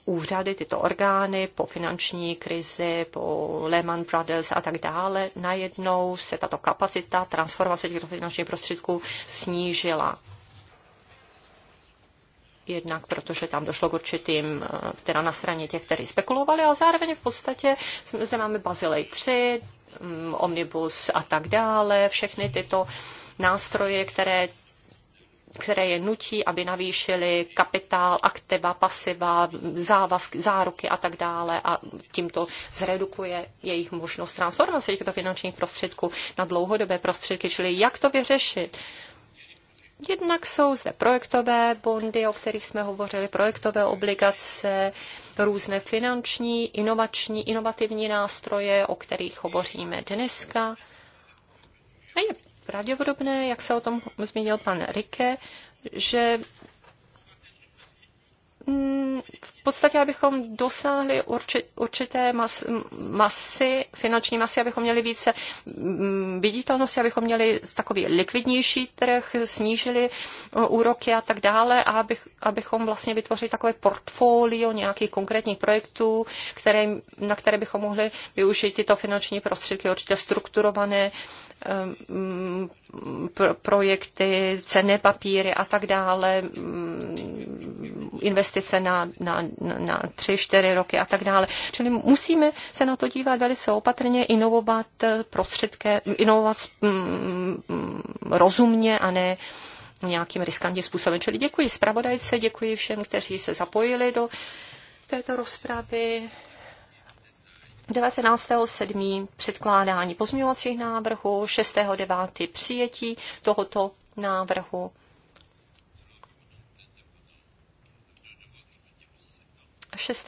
úřady, tyto orgány po finanční krizi, po Lehman Brothers a tak dále, najednou se tato kapacita transformace těchto finančních prostředků snížila jednak protože tam došlo k určitým, eh, teda na straně těch, kteří spekulovali, a zároveň v podstatě zde máme Bazilej 3, mm, Omnibus a tak dále, všechny tyto nástroje, které které je nutí, aby navýšili kapitál, aktiva, pasiva, závazky, záruky a tak dále a tímto zredukuje jejich možnost transformace těchto finančních prostředků na dlouhodobé prostředky, čili jak to vyřešit. Jednak jsou zde projektové bondy, o kterých jsme hovořili, projektové obligace, různé finanční, inovační, inovativní nástroje, o kterých hovoříme dneska. A je pravděpodobné, jak se o tom zmínil pan Rike, že Mm, v podstatě, abychom dosáhli určité mas, masy, finanční masy, abychom měli více mm, viditelnosti, abychom měli takový likvidnější trh, snížili úroky a tak dále a abych, abychom vlastně vytvořili takové portfolio nějakých konkrétních projektů, které, na které bychom mohli využít tyto finanční prostředky, určitě strukturované projekty, cené papíry a tak dále, investice na, na, na tři, čtyři roky a tak dále. Čili musíme se na to dívat velice opatrně, inovovat eh, prostředky, inovovat mm, mm, rozumně a ne nějakým riskantním způsobem. Čili děkuji zpravodajce, děkuji všem, kteří se zapojili do této rozpravy. 19.7. předkládání pozměňovacích návrhů, 6.9. přijetí tohoto návrhu. 6.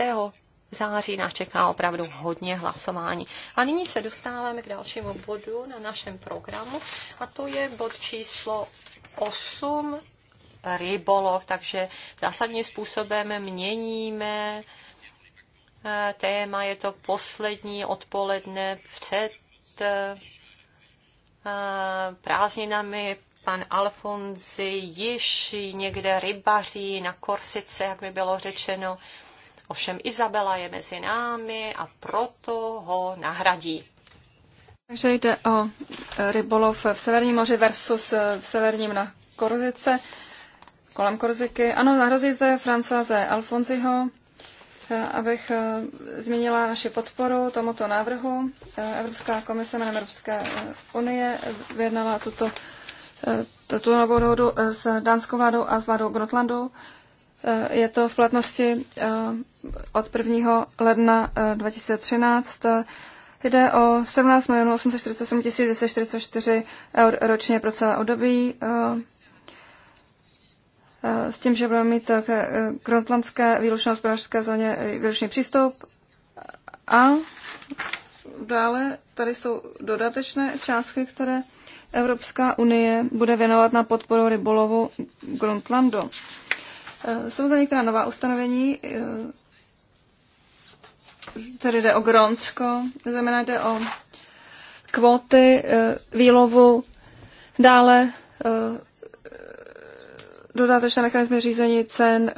září nás čeká opravdu hodně hlasování. A nyní se dostáváme k dalšímu bodu na našem programu a to je bod číslo 8 rybolov, takže zásadním způsobem měníme eh, téma, je to poslední odpoledne před eh, prázdninami. Pan Alfonzi již někde rybaří na Korsice, jak mi bylo řečeno. Ovšem Izabela je mezi námi a proto ho nahradí. Takže jde o e, rybolov v Severním moři versus e, v Severním na Korzice, kolem Korziky. Ano, nahrazuji zde Francoise Alfonziho, e, abych zmínila naši podporu tomuto návrhu. Evropská komise jménem Evropské unie vyjednala tuto, tuto novou dohodu s dánskou vládou a s vládou Grotlandu. Eh, je to v platnosti eh, od 1. ledna 2013. Eh, jde o 17 milionů 847 244 eur ročně pro celé období s tím, že budeme mít k grotlandské výlučné hospodářské zóně výlučný přístup. A dále tady jsou dodatečné částky, které Evropská unie bude věnovat na podporu rybolovu Grunlandu. Eh, jsou to některá nová ustanovení, eh, tady jde o Grónsko, znamená jde o kvóty eh, výlovu, dále dodatečné mechanizmy řízení cen,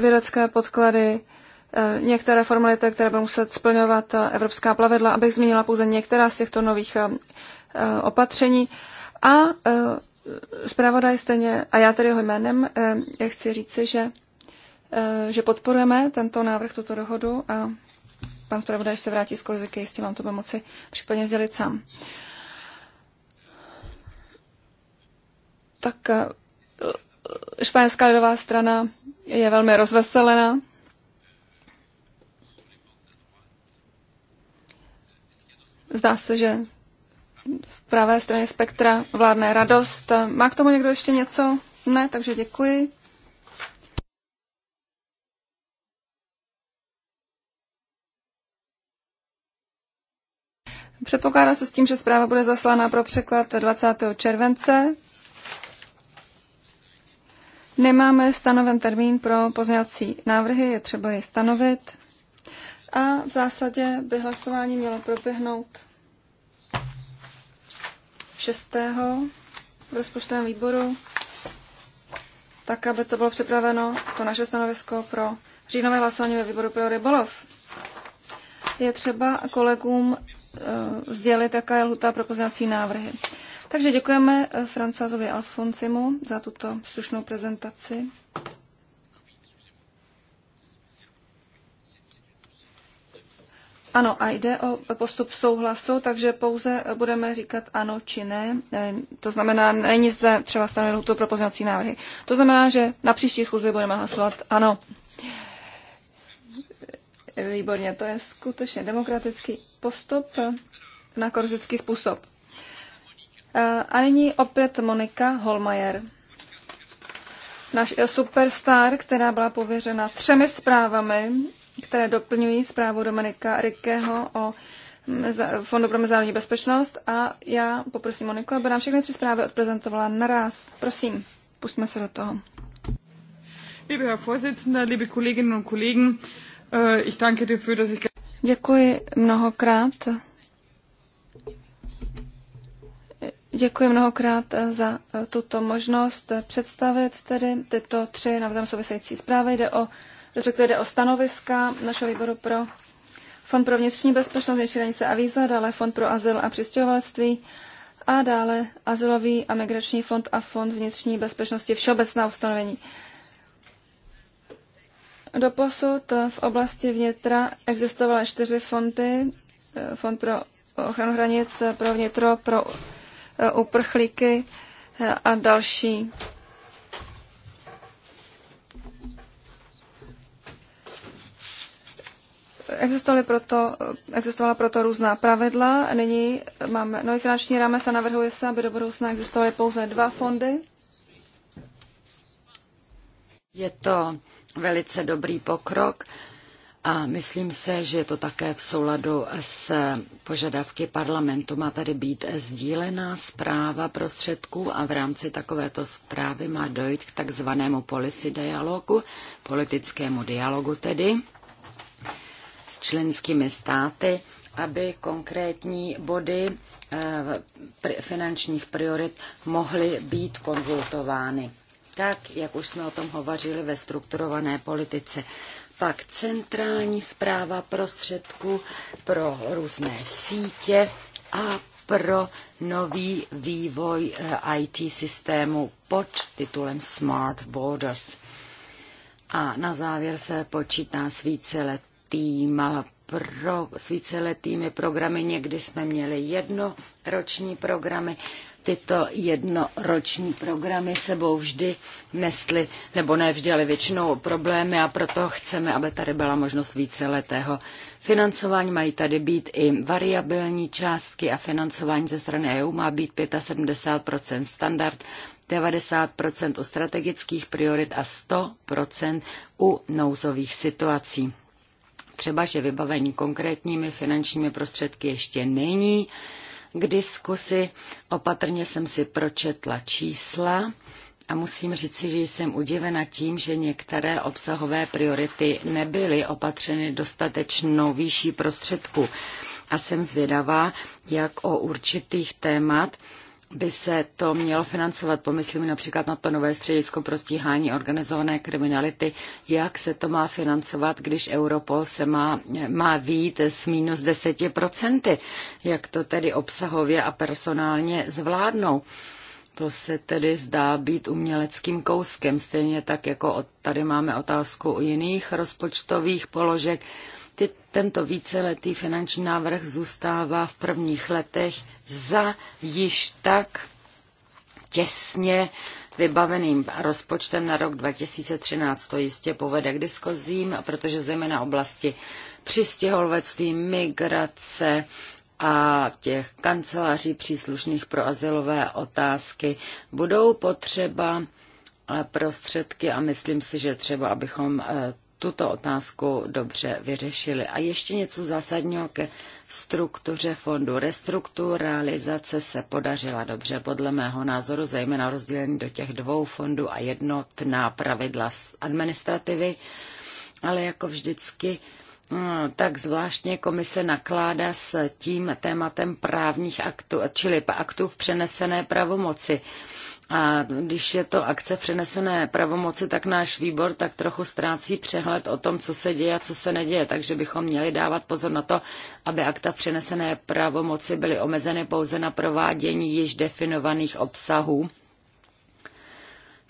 vědecké podklady, některé formality, které by muset splňovat evropská plavidla, abych zmínila pouze některá z těchto nových opatření. A zpravodaj stejně, a já tedy jeho jménem, já eh, chci říci, že, eh, že podporujeme tento návrh, tuto dohodu a pan zpravodaj se vrátí z koliziky, jistě vám to bude moci případně sdělit sám. Tak eh, španělská lidová strana je velmi rozveselena. Zdá se, že v pravé straně spektra vládne radost. Má k tomu někdo ještě něco? Ne, takže děkuji. Předpokládá se s tím, že zpráva bude zaslána pro překlad 20. července. Nemáme stanoven termín pro pozněvací návrhy, je třeba je stanovit. A v zásadě by hlasování mělo proběhnout 6. v rozpočtovém výboru, tak aby to bylo připraveno, to naše stanovisko pro říjnové hlasování ve výboru pro rybolov. Je třeba kolegům uh, sdělit, jaká je lhuta pro poznací návrhy. Takže děkujeme eh, Francoisovi Alfonsimu za tuto slušnou prezentaci. Ano, a jde o postup souhlasu, takže pouze budeme říkat ano či ne. E, to znamená, není zde třeba stanovit tu pro pozměňovací návrhy. To znamená, že na příští schůzi budeme hlasovat ano. E, výborně, to je skutečně demokratický postup na korzický způsob. E, a nyní opět Monika Holmajer. Naš superstar, která byla pověřena třemi zprávami které doplňují zprávu Dominika Rikého o Fondu pro mezinárodní bezpečnost a já poprosím Moniku, aby nám všechny tři zprávy odprezentovala naraz. Prosím, pusťme se do toho. Liebe Herr Vorsitzender, liebe Kolleginnen und Kollegen, äh, ich danke dass ich... Děkuji mnohokrát. Děkuji mnohokrát za tuto možnost představit tedy tyto tři navzájem související zprávy. Jde o respektive jde o stanoviska našeho výboru pro Fond pro vnitřní bezpečnost, vnitřní hranice a víza, dále Fond pro azyl a přistěhovalectví a dále Azylový a migrační fond a Fond vnitřní bezpečnosti všeobecná ustanovení. Doposud v oblasti vnitra existovaly čtyři fondy. Fond pro ochranu hranic, pro vnitro, pro e, uprchlíky e, a další Existovaly proto, existovala proto různá pravidla. Nyní máme nový finanční rámec a navrhuje se, aby do budoucna existovaly pouze dva fondy. Je to velice dobrý pokrok a myslím se, že je to také v souladu s požadavky parlamentu. Má tady být sdílená zpráva prostředků a v rámci takovéto zprávy má dojít k takzvanému policy dialogu, politickému dialogu tedy členskými státy, aby konkrétní body eh, finančních priorit mohly být konzultovány. Tak, jak už jsme o tom hovořili ve strukturované politice. Pak centrální zpráva prostředků pro různé sítě a pro nový vývoj eh, IT systému pod titulem Smart Borders. A na závěr se počítá s více let víceletým pro, s víceletými programy. Někdy jsme měli jednoroční programy. Tyto jednoroční programy sebou vždy nesly, nebo ne vždy, ale většinou problémy a proto chceme, aby tady byla možnost víceletého financování. Mají tady být i variabilní částky a financování ze strany EU má být 75% standard, 90% u strategických priorit a 100% u nouzových situací třeba, že vybavení konkrétními finančními prostředky ještě není k diskusi. Opatrně jsem si pročetla čísla a musím říci, že jsem udivena tím, že některé obsahové priority nebyly opatřeny dostatečnou výší prostředku. A jsem zvědavá, jak o určitých témat, by se to mělo financovat. Pomyslím například na to nové středisko pro stíhání organizované kriminality. Jak se to má financovat, když Europol se má, má výjít s minus 10%? Jak to tedy obsahově a personálně zvládnou? To se tedy zdá být uměleckým kouskem, stejně tak jako od, tady máme otázku u jiných rozpočtových položek. Ty, tento víceletý finanční návrh zůstává v prvních letech za již tak těsně vybaveným rozpočtem na rok 2013. To jistě povede k diskozím, protože zejména oblasti přistěholovectví, migrace a těch kanceláří příslušných pro azylové otázky budou potřeba eh, prostředky a myslím si, že třeba, abychom eh, tuto otázku dobře vyřešili. A ještě něco zásadního ke struktuře fondu. Restrukturalizace se podařila dobře, podle mého názoru, zejména rozdělení do těch dvou fondů a jednotná pravidla z administrativy, ale jako vždycky no, tak zvláštně komise nakládá s tím tématem právních aktů, čili aktů v přenesené pravomoci. A když je to akce přenesené pravomoci, tak náš výbor tak trochu ztrácí přehled o tom, co se děje a co se neděje. Takže bychom měli dávat pozor na to, aby akta v přenesené pravomoci byly omezeny pouze na provádění již definovaných obsahů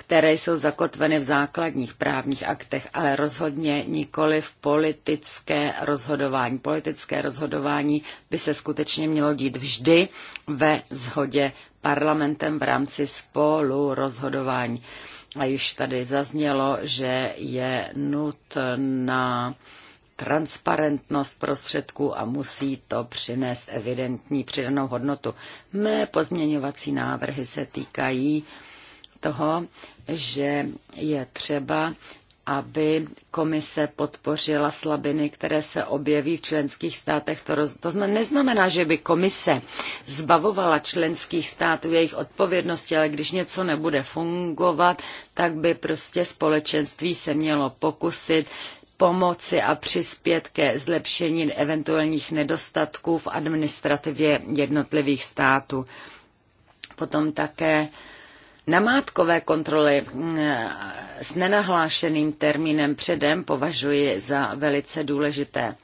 které jsou zakotveny v základních právních aktech, ale rozhodně nikoli v politické rozhodování. Politické rozhodování by se skutečně mělo dít vždy ve shodě parlamentem v rámci spolu rozhodování. A již tady zaznělo, že je nutná transparentnost prostředků a musí to přinést evidentní přidanou hodnotu. Mé pozměňovací návrhy se týkají uh, toho, že je třeba aby komise podpořila slabiny, které se objeví v členských státech. To, roz... to neznamená, že by komise zbavovala členských států jejich odpovědnosti, ale když něco nebude fungovat, tak by prostě společenství se mělo pokusit pomoci a přispět ke zlepšení eventuálních nedostatků v administrativě jednotlivých států. Potom také Namátkové kontroly mm, s nenahlášeným termínem předem považuji za velice důležité.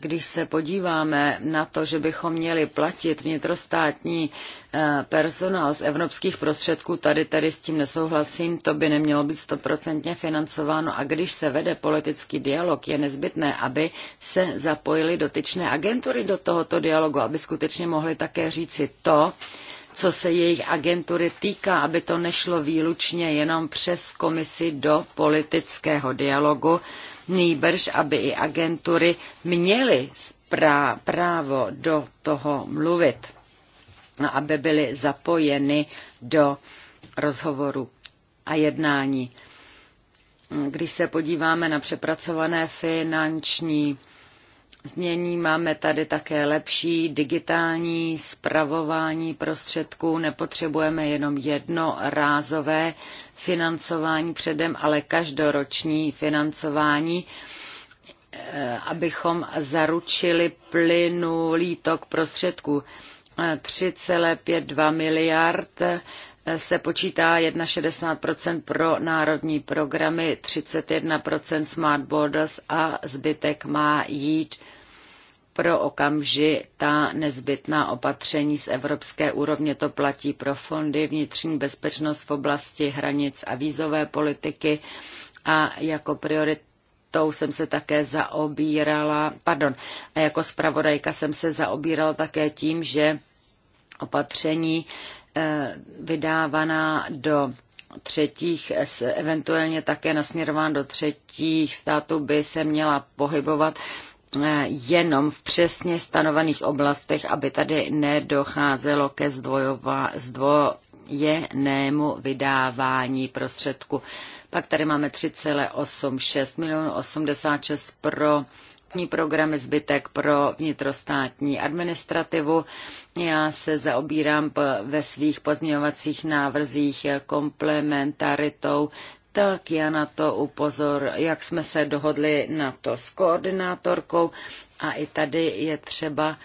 když se podíváme na to, že bychom měli platit vnitrostátní eh, personál z evropských prostředků, tady tedy s tím nesouhlasím, to by nemělo být stoprocentně financováno a když se vede politický dialog, je nezbytné, aby se zapojily dotyčné agentury do tohoto dialogu, aby skutečně mohly také říci to, co se jejich agentury týká, aby to nešlo výlučně jenom přes komisi do politického dialogu, nýbrž aby i agentury měly právo do toho mluvit a aby byly zapojeny do rozhovoru a jednání. Když se podíváme na přepracované finanční změní. Máme tady také lepší digitální zpravování prostředků. Nepotřebujeme jenom jedno rázové financování předem, ale každoroční financování eh, abychom zaručili plynulý tok prostředků. 3,52 eh, miliard se počítá 61% pro národní programy, 31% Smart Borders a zbytek má jít pro okamži ta nezbytná opatření z evropské úrovně. To platí pro fondy, vnitřní bezpečnost v oblasti hranic a vízové politiky a jako prioritu tou jsem se také zaobírala, pardon, a jako zpravodajka jsem se zaobírala také tím, že opatření Eh, vydávaná do třetích, eventuálně také nasměrován do třetích států, by se měla pohybovat eh, jenom v přesně stanovených oblastech, aby tady nedocházelo ke zdvojová, zdvojenému vydávání prostředku. Pak tady máme 3,86 milionů 86 pro programy, zbytek pro vnitrostátní administrativu. Já se zaobírám ve svých pozměňovacích návrzích komplementaritou tak já na to upozor, jak jsme se dohodli na to s koordinátorkou a i tady je třeba,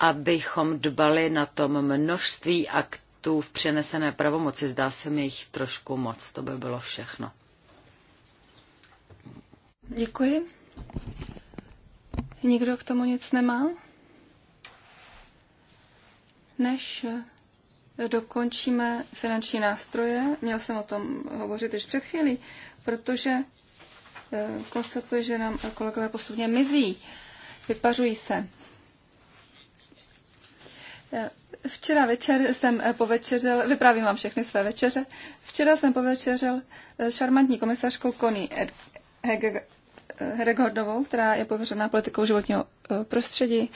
abychom dbali na tom množství aktů v přenesené pravomoci. Zdá se mi jich trošku moc, to by bylo všechno. Děkuji. Nikdo k tomu nic nemá? Než eh, dokončíme finanční nástroje, měl jsem o tom hovořit již před chvílí, protože eh, konstatuje, že nám kolegové postupně mizí, vypařují se. Eh, včera večer jsem povečeřel, vyprávím vám všechny své večeře, včera jsem povečeřel šarmantní komisařkou Connie Hregordovou, která je pověřená politikou životního eh, prostředí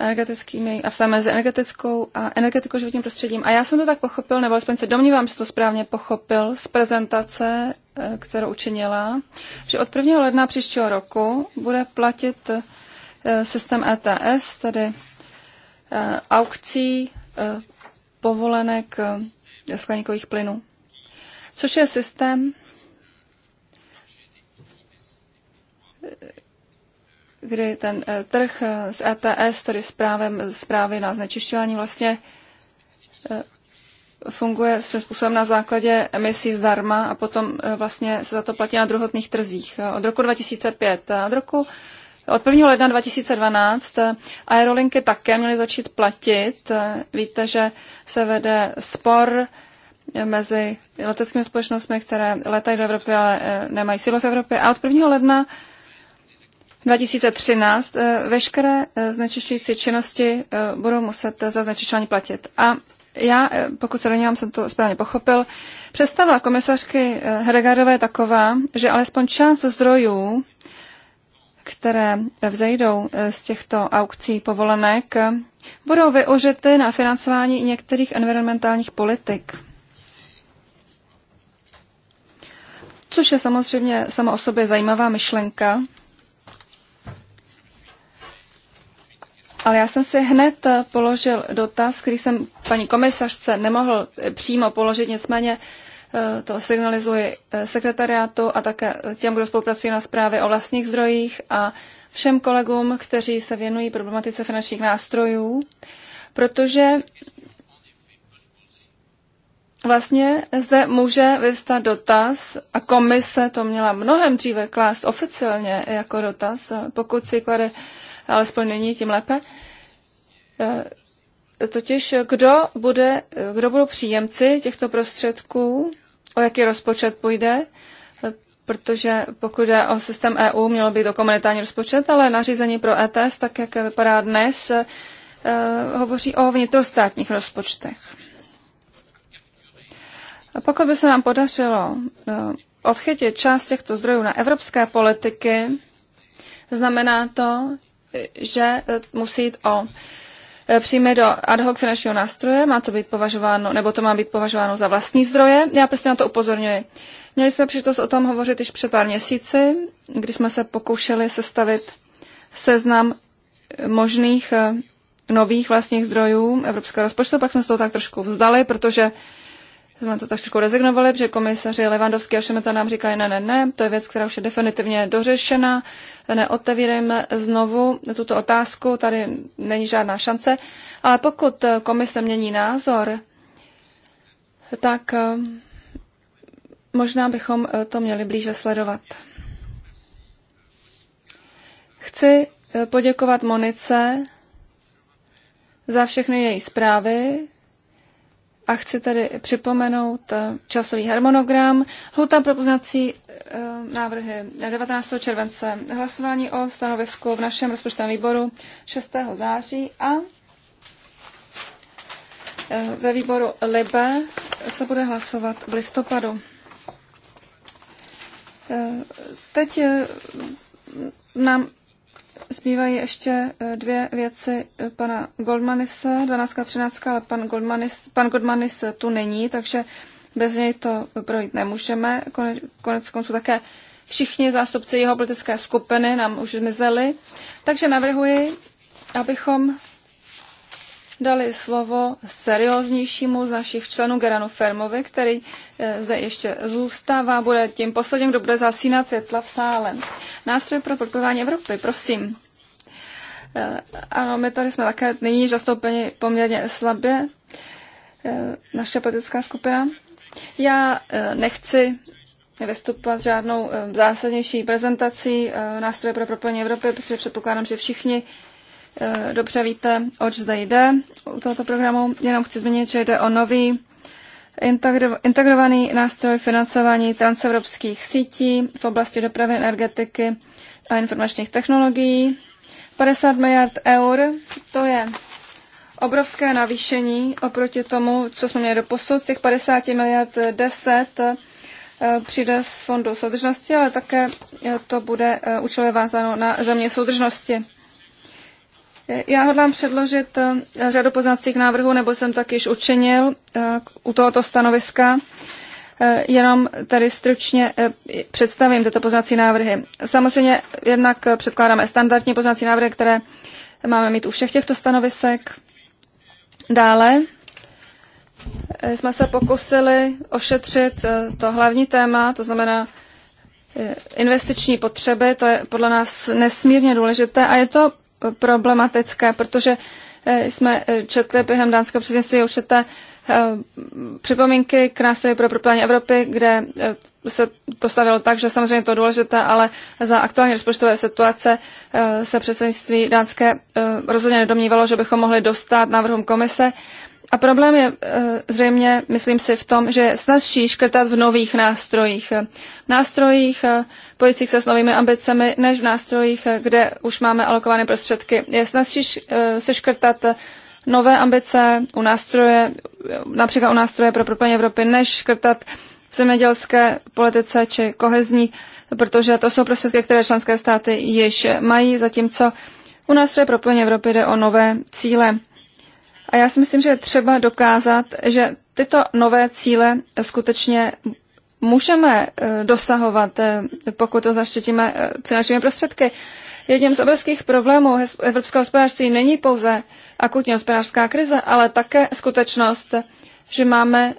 energetickými a vstáváme mezi energetickou a energetickou životním prostředím. A já jsem to tak pochopil, nebo alespoň se domnívám, že to správně pochopil z prezentace, eh, kterou učinila, že od 1. ledna příštího roku bude platit eh, systém ETS, tedy aukcí povolenek skleníkových plynů, což je systém, kdy ten eh, trh eh, e s ETS, tedy s právem zprávy na znečišťování, vlastně eh, funguje svým způsobem na základě emisí zdarma a potom vlastně se za to platí na druhotných trzích. Od roku 2005 a od roku od 1. ledna 2012 aerolinky také měly začít platit. Víte, že se vede spor mezi leteckými společnostmi, které letají do Evropy, ale nemají sílu v Evropě. A od 1. ledna 2013 eh, veškeré eh, znečišťující činnosti eh, budou muset za znečišťování platit. A já, pokud se domnívám, jsem to správně pochopil, představa komisařky Hregarové je taková, že alespoň část zdrojů, které vzejdou z těchto aukcí povolenek, budou využity na financování některých environmentálních politik. Což je samozřejmě sama o sobě zajímavá myšlenka, Ale já jsem si hned eh, položil dotaz, který jsem paní komisařce nemohl eh, přímo položit, nicméně eh, to signalizuji sekretariátu a také těm, kdo spolupracují na zprávě o vlastních zdrojích a všem kolegům, kteří se věnují problematice finančních nástrojů, protože Vlastně zde může vystat dotaz, a komise to měla mnohem dříve klást oficiálně jako dotaz, pokud si klade alespoň není tím lépe. Eh, totiž kdo, bude, kdo budou příjemci těchto prostředků, o jaký rozpočet půjde, eh, protože pokud je o systém EU, mělo být to komunitární rozpočet, ale nařízení pro ETS, tak jak vypadá dnes, eh, hovoří o vnitrostátních rozpočtech. A pokud by se nám podařilo odchytit část těchto zdrojů na evropské politiky, znamená to, že e, musí jít o e, přijme do ad hoc finančního nástroje, má to být považováno, nebo to má být považováno za vlastní zdroje. Já prostě na to upozorňuji. Měli jsme příležitost o tom hovořit již před pár měsíci, kdy jsme se pokoušeli sestavit seznam možných e, nových vlastních zdrojů evropského rozpočtu, pak jsme se to tak trošku vzdali, protože jsme to tak trošku rezignovali, protože komisaři Levandovský a Šemeta nám říkají, ne, ne, ne, to je věc, která už je definitivně dořešena, neotevírejme znovu tuto otázku, tady není žádná šance, ale pokud komise mění názor, tak eh, možná bychom eh, to měli blíže sledovat. Chci eh, poděkovat Monice za všechny její zprávy a chci tedy připomenout časový harmonogram. Hluta propoznací Eh, návrhy 19. července, hlasování o stanovisku v našem rozpočtovém výboru 6. září a eh, ve výboru LIBE se bude hlasovat v listopadu. Eh, teď nám zbývají ještě dvě věci pana Goldmanise, 12. a 13. ale pan Goldmanis, pan Goldmanis tu není, takže bez něj to projít nemůžeme. Konec, konec konců také všichni zástupci jeho politické skupiny nám už zmizeli. Takže navrhuji, abychom dali slovo serióznějšímu z našich členů Geranu Fermovi, který eh, zde ještě zůstává, bude tím posledním, kdo bude zasínat světla v sále. Nástroj pro podporování Evropy, prosím. Eh, ano, my tady jsme také nyní zastoupeni poměrně slabě, eh, naše politická skupina. Já eh, nechci vystupovat žádnou eh, zásadnější prezentací eh, nástroje pro propojení Evropy, protože předpokládám, že všichni dobře víte, oč zde jde u tohoto programu. Jenom chci zmínit, že jde o nový integrovaný nástroj financování transevropských sítí v oblasti dopravy, energetiky a informačních technologií. 50 miliard eur, to je obrovské navýšení oproti tomu, co jsme měli do posud, těch 50 miliard 10 eh, přijde z fondu soudržnosti, ale také eh, to bude eh, účelově vázáno na země soudržnosti. Já hodlám předložit řadu poznacích návrhů, nebo jsem tak již učinil u tohoto stanoviska. Jenom tady stručně představím tyto poznací návrhy. Samozřejmě jednak předkládáme standardní poznací návrhy, které máme mít u všech těchto stanovisek. Dále eh, jsme se pokusili ošetřit eh, to hlavní téma, to znamená eh, investiční potřeby, to je podle nás nesmírně důležité a je to problematické, protože jsme četli během dánského předsednictví určité Eh, připomínky k nástroji pro propojení Evropy, kde eh, se to stavilo tak, že samozřejmě to je důležité, ale za aktuální rozpočtové situace eh, se předsednictví dánské rozhodně nedomnívalo, že bychom mohli dostat návrhům komise. A problém je zřejmě, myslím si, v tom, že snazší škrtat v nových nástrojích. V nástrojích pojících se s novými ambicemi, než v nástrojích, kde už máme alokované prostředky. Je snazší se škrtat nové ambice u nástroje, například u nástroje pro propojení Evropy, než škrtat v zemědělské politice či kohezní, protože to jsou prostředky, které členské státy již mají, zatímco u nástroje pro propojení Evropy jde o nové cíle. A já si myslím, že je třeba dokázat, že tyto nové cíle skutečně můžeme eh, dosahovat, eh, pokud to zaštitíme eh, finančními prostředky. Jedním z obrovských problémů evropského hospodářství není pouze akutní hospodářská krize, ale také skutečnost, že máme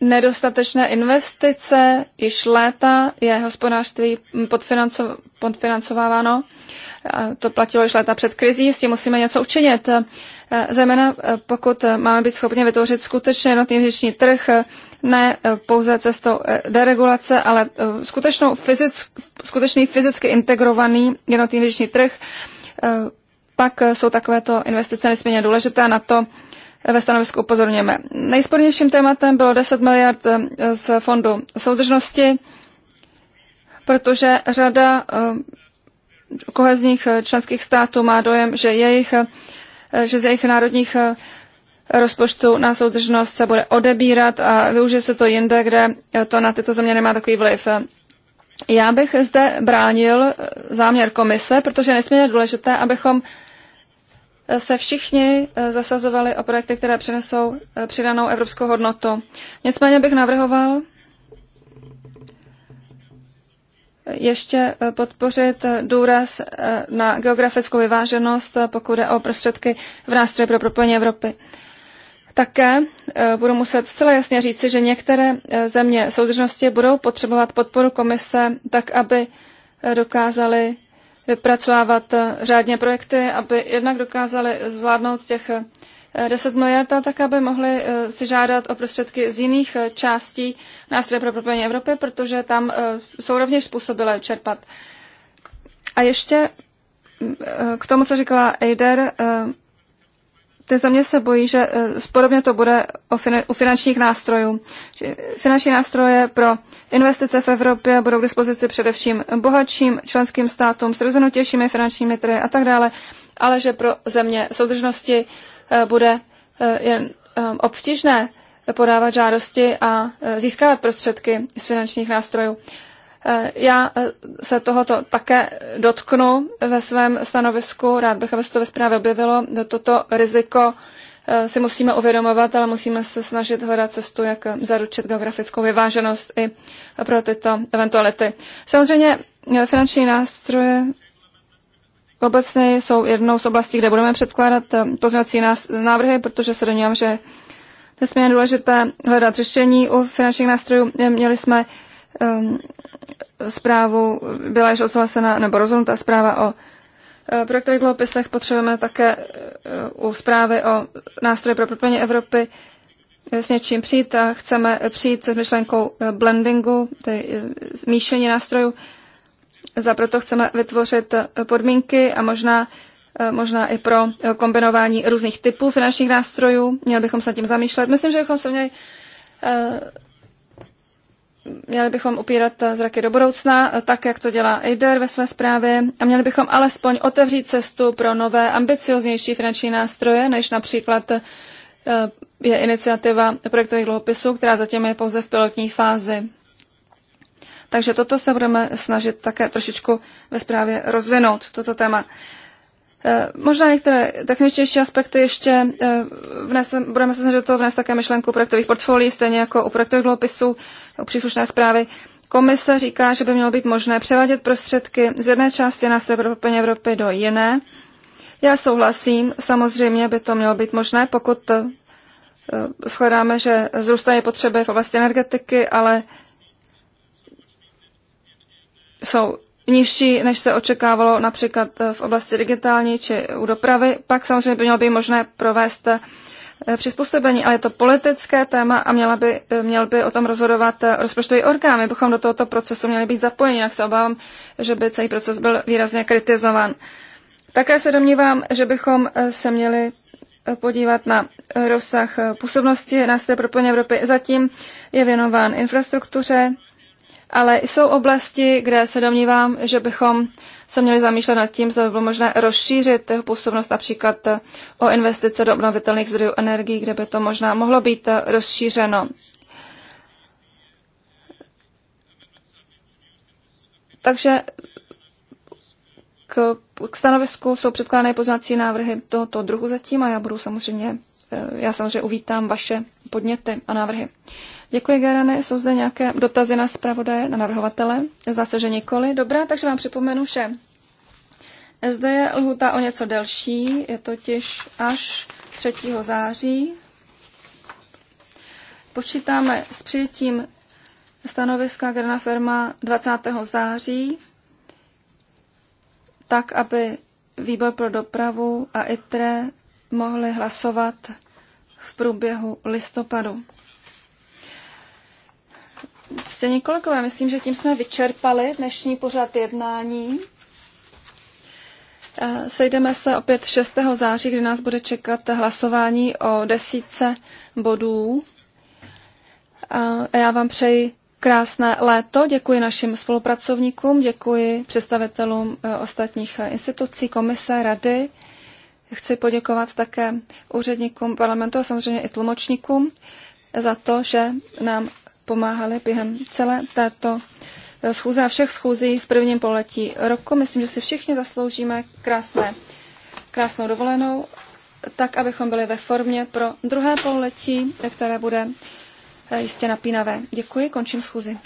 nedostatečné investice, již léta je hospodářství podfinanco, podfinancováváno. To platilo již léta před krizí, s tím musíme něco učinit. E, Zejména e, pokud e, máme být schopni vytvořit skutečně jednotný vnitřní trh, ne pouze cestou deregulace, ale skutečnou fyzick, skutečný fyzicky integrovaný jednotný vnitřní trh, pak jsou takovéto investice nesmírně důležité na to, ve stanovisku upozorněme. Nejspornějším tématem bylo 10 miliard eh, z fondu soudržnosti, protože řada eh, kohezních eh, členských států má dojem, že, jejich, že z jejich národních rozpočtu na soudržnost se bude odebírat a využije se to jinde, kde to na tyto země nemá takový vliv. Já bych zde bránil záměr komise, protože je nesmírně důležité, abychom se všichni eh, zasazovali o projekty, které přinesou eh, přidanou evropskou hodnotu. Nicméně bych navrhoval eh, ještě podpořit důraz na geografickou vyváženost, pokud jde o prostředky v nástroji pro propojení Evropy. Také budu muset zcela jasně říci, že některé země soudržnosti budou potřebovat podporu komise tak, aby dokázali vypracovávat eh, řádně projekty, aby jednak dokázali zvládnout těch 10 eh, miliard a tak, aby mohli eh, si žádat o prostředky z jiných částí nástroje pro propojení Evropy, protože tam jsou rovněž způsobilé čerpat. A ještě mm, k tomu, co říkala Eider, ty země se bojí, že eh, podobně to bude u finančních nástrojů. Finanční nástroje pro investice v Evropě budou k dispozici především bohatším členským státům s rozhodnutějšími finančními trhy a tak dále, ale že pro země soudržnosti eh, bude eh, jen obtížné podávat žádosti a získávat prostředky z finančních nástrojů. Eh, já eh, se tohoto také dotknu ve svém stanovisku. Rád bych, aby se to ve zprávě objevilo. Toto riziko eh, si musíme uvědomovat, ale musíme se snažit hledat cestu, jak zaručit geografickou vyváženost i pro tyto eventuality. Samozřejmě finanční nástroje obecně jsou jednou z oblastí, kde budeme předkládat pozměňovací návrhy, protože se domnívám, že nesmírně důležité hledat řešení u finančních nástrojů. Měli jsme um, zprávu, byla již odsouhlasena nebo rozhodnutá zpráva o eh, projektových dluhopisech. Potřebujeme také eh, u zprávy o nástroji pro propojení Evropy eh, s něčím přijít a chceme přijít se myšlenkou blendingu, tedy míšení nástrojů. Za proto chceme vytvořit podmínky a možná, možná i pro kombinování různých typů finančních nástrojů. Měli bychom se tím zamýšlet. Myslím, že bychom se měli měli bychom upírat zraky do budoucna, tak jak to dělá EIDER ve své zprávě, a měli bychom alespoň otevřít cestu pro nové, ambicioznější finanční nástroje, než například eh, je iniciativa projektových dluhopisů, která zatím je pouze v pilotní fázi. Takže toto se budeme snažit také trošičku ve zprávě rozvinout, toto téma. Eh, možná některé techničtější aspekty ještě eh, vnesem, budeme se snažit do toho vnést také myšlenku projektových portfolií, stejně jako u projektových dluhopisů, u příslušné zprávy. Komise říká, že by mělo být možné převádět prostředky z jedné části na Evropy, Evropy do jiné. Já souhlasím, samozřejmě by to mělo být možné, pokud eh, shledáme, že zrůstají potřeby v oblasti energetiky, ale jsou nižší, než se očekávalo například eh, v oblasti digitální či u dopravy. Pak samozřejmě by mělo být možné provést eh, přizpůsobení, ale je to politické téma a měla by, eh, měl by o tom rozhodovat rozpočtový orgán. My bychom do tohoto procesu měli být zapojeni, jak se obávám, že by celý proces byl výrazně kritizovan. Také se domnívám, že bychom se měli podívat na rozsah působnosti na pro Evropy. Zatím je věnován infrastruktuře, ale jsou oblasti, kde se domnívám, že bychom se měli zamýšlet nad tím, zda by bylo možné rozšířit jeho působnost například o investice do obnovitelných zdrojů energií, kde by to možná mohlo být rozšířeno. Takže k, k stanovisku jsou předkládány poznací návrhy tohoto druhu zatím a já budu samozřejmě, já samozřejmě uvítám vaše podněty a návrhy. Děkuji, Gerane. Jsou zde nějaké dotazy na zpravodaje, na navrhovatele? Zdá se, že nikoli. Dobrá, takže vám připomenu, že zde je lhuta o něco delší, je totiž až 3. září. Počítáme s přijetím stanoviska Gerna Firma 20. září, tak, aby výbor pro dopravu a ITRE mohli hlasovat v průběhu listopadu. Stejně kolegové, myslím, že tím jsme vyčerpali dnešní pořad jednání. Eh, sejdeme se opět 6. září, kdy nás bude čekat hlasování o desítce bodů. A já vám přeji krásné léto, děkuji našim spolupracovníkům, děkuji představitelům eh, ostatních institucí, komise, rady Chci poděkovat také úředníkům parlamentu a samozřejmě i tlumočníkům za to, že nám pomáhali během celé této eh, schůze a všech schůzí v prvním poletí roku. Myslím, že si všichni zasloužíme krásné, krásnou dovolenou, tak, abychom byli ve formě pro druhé poletí, které bude eh, jistě napínavé. Děkuji, končím schůzi.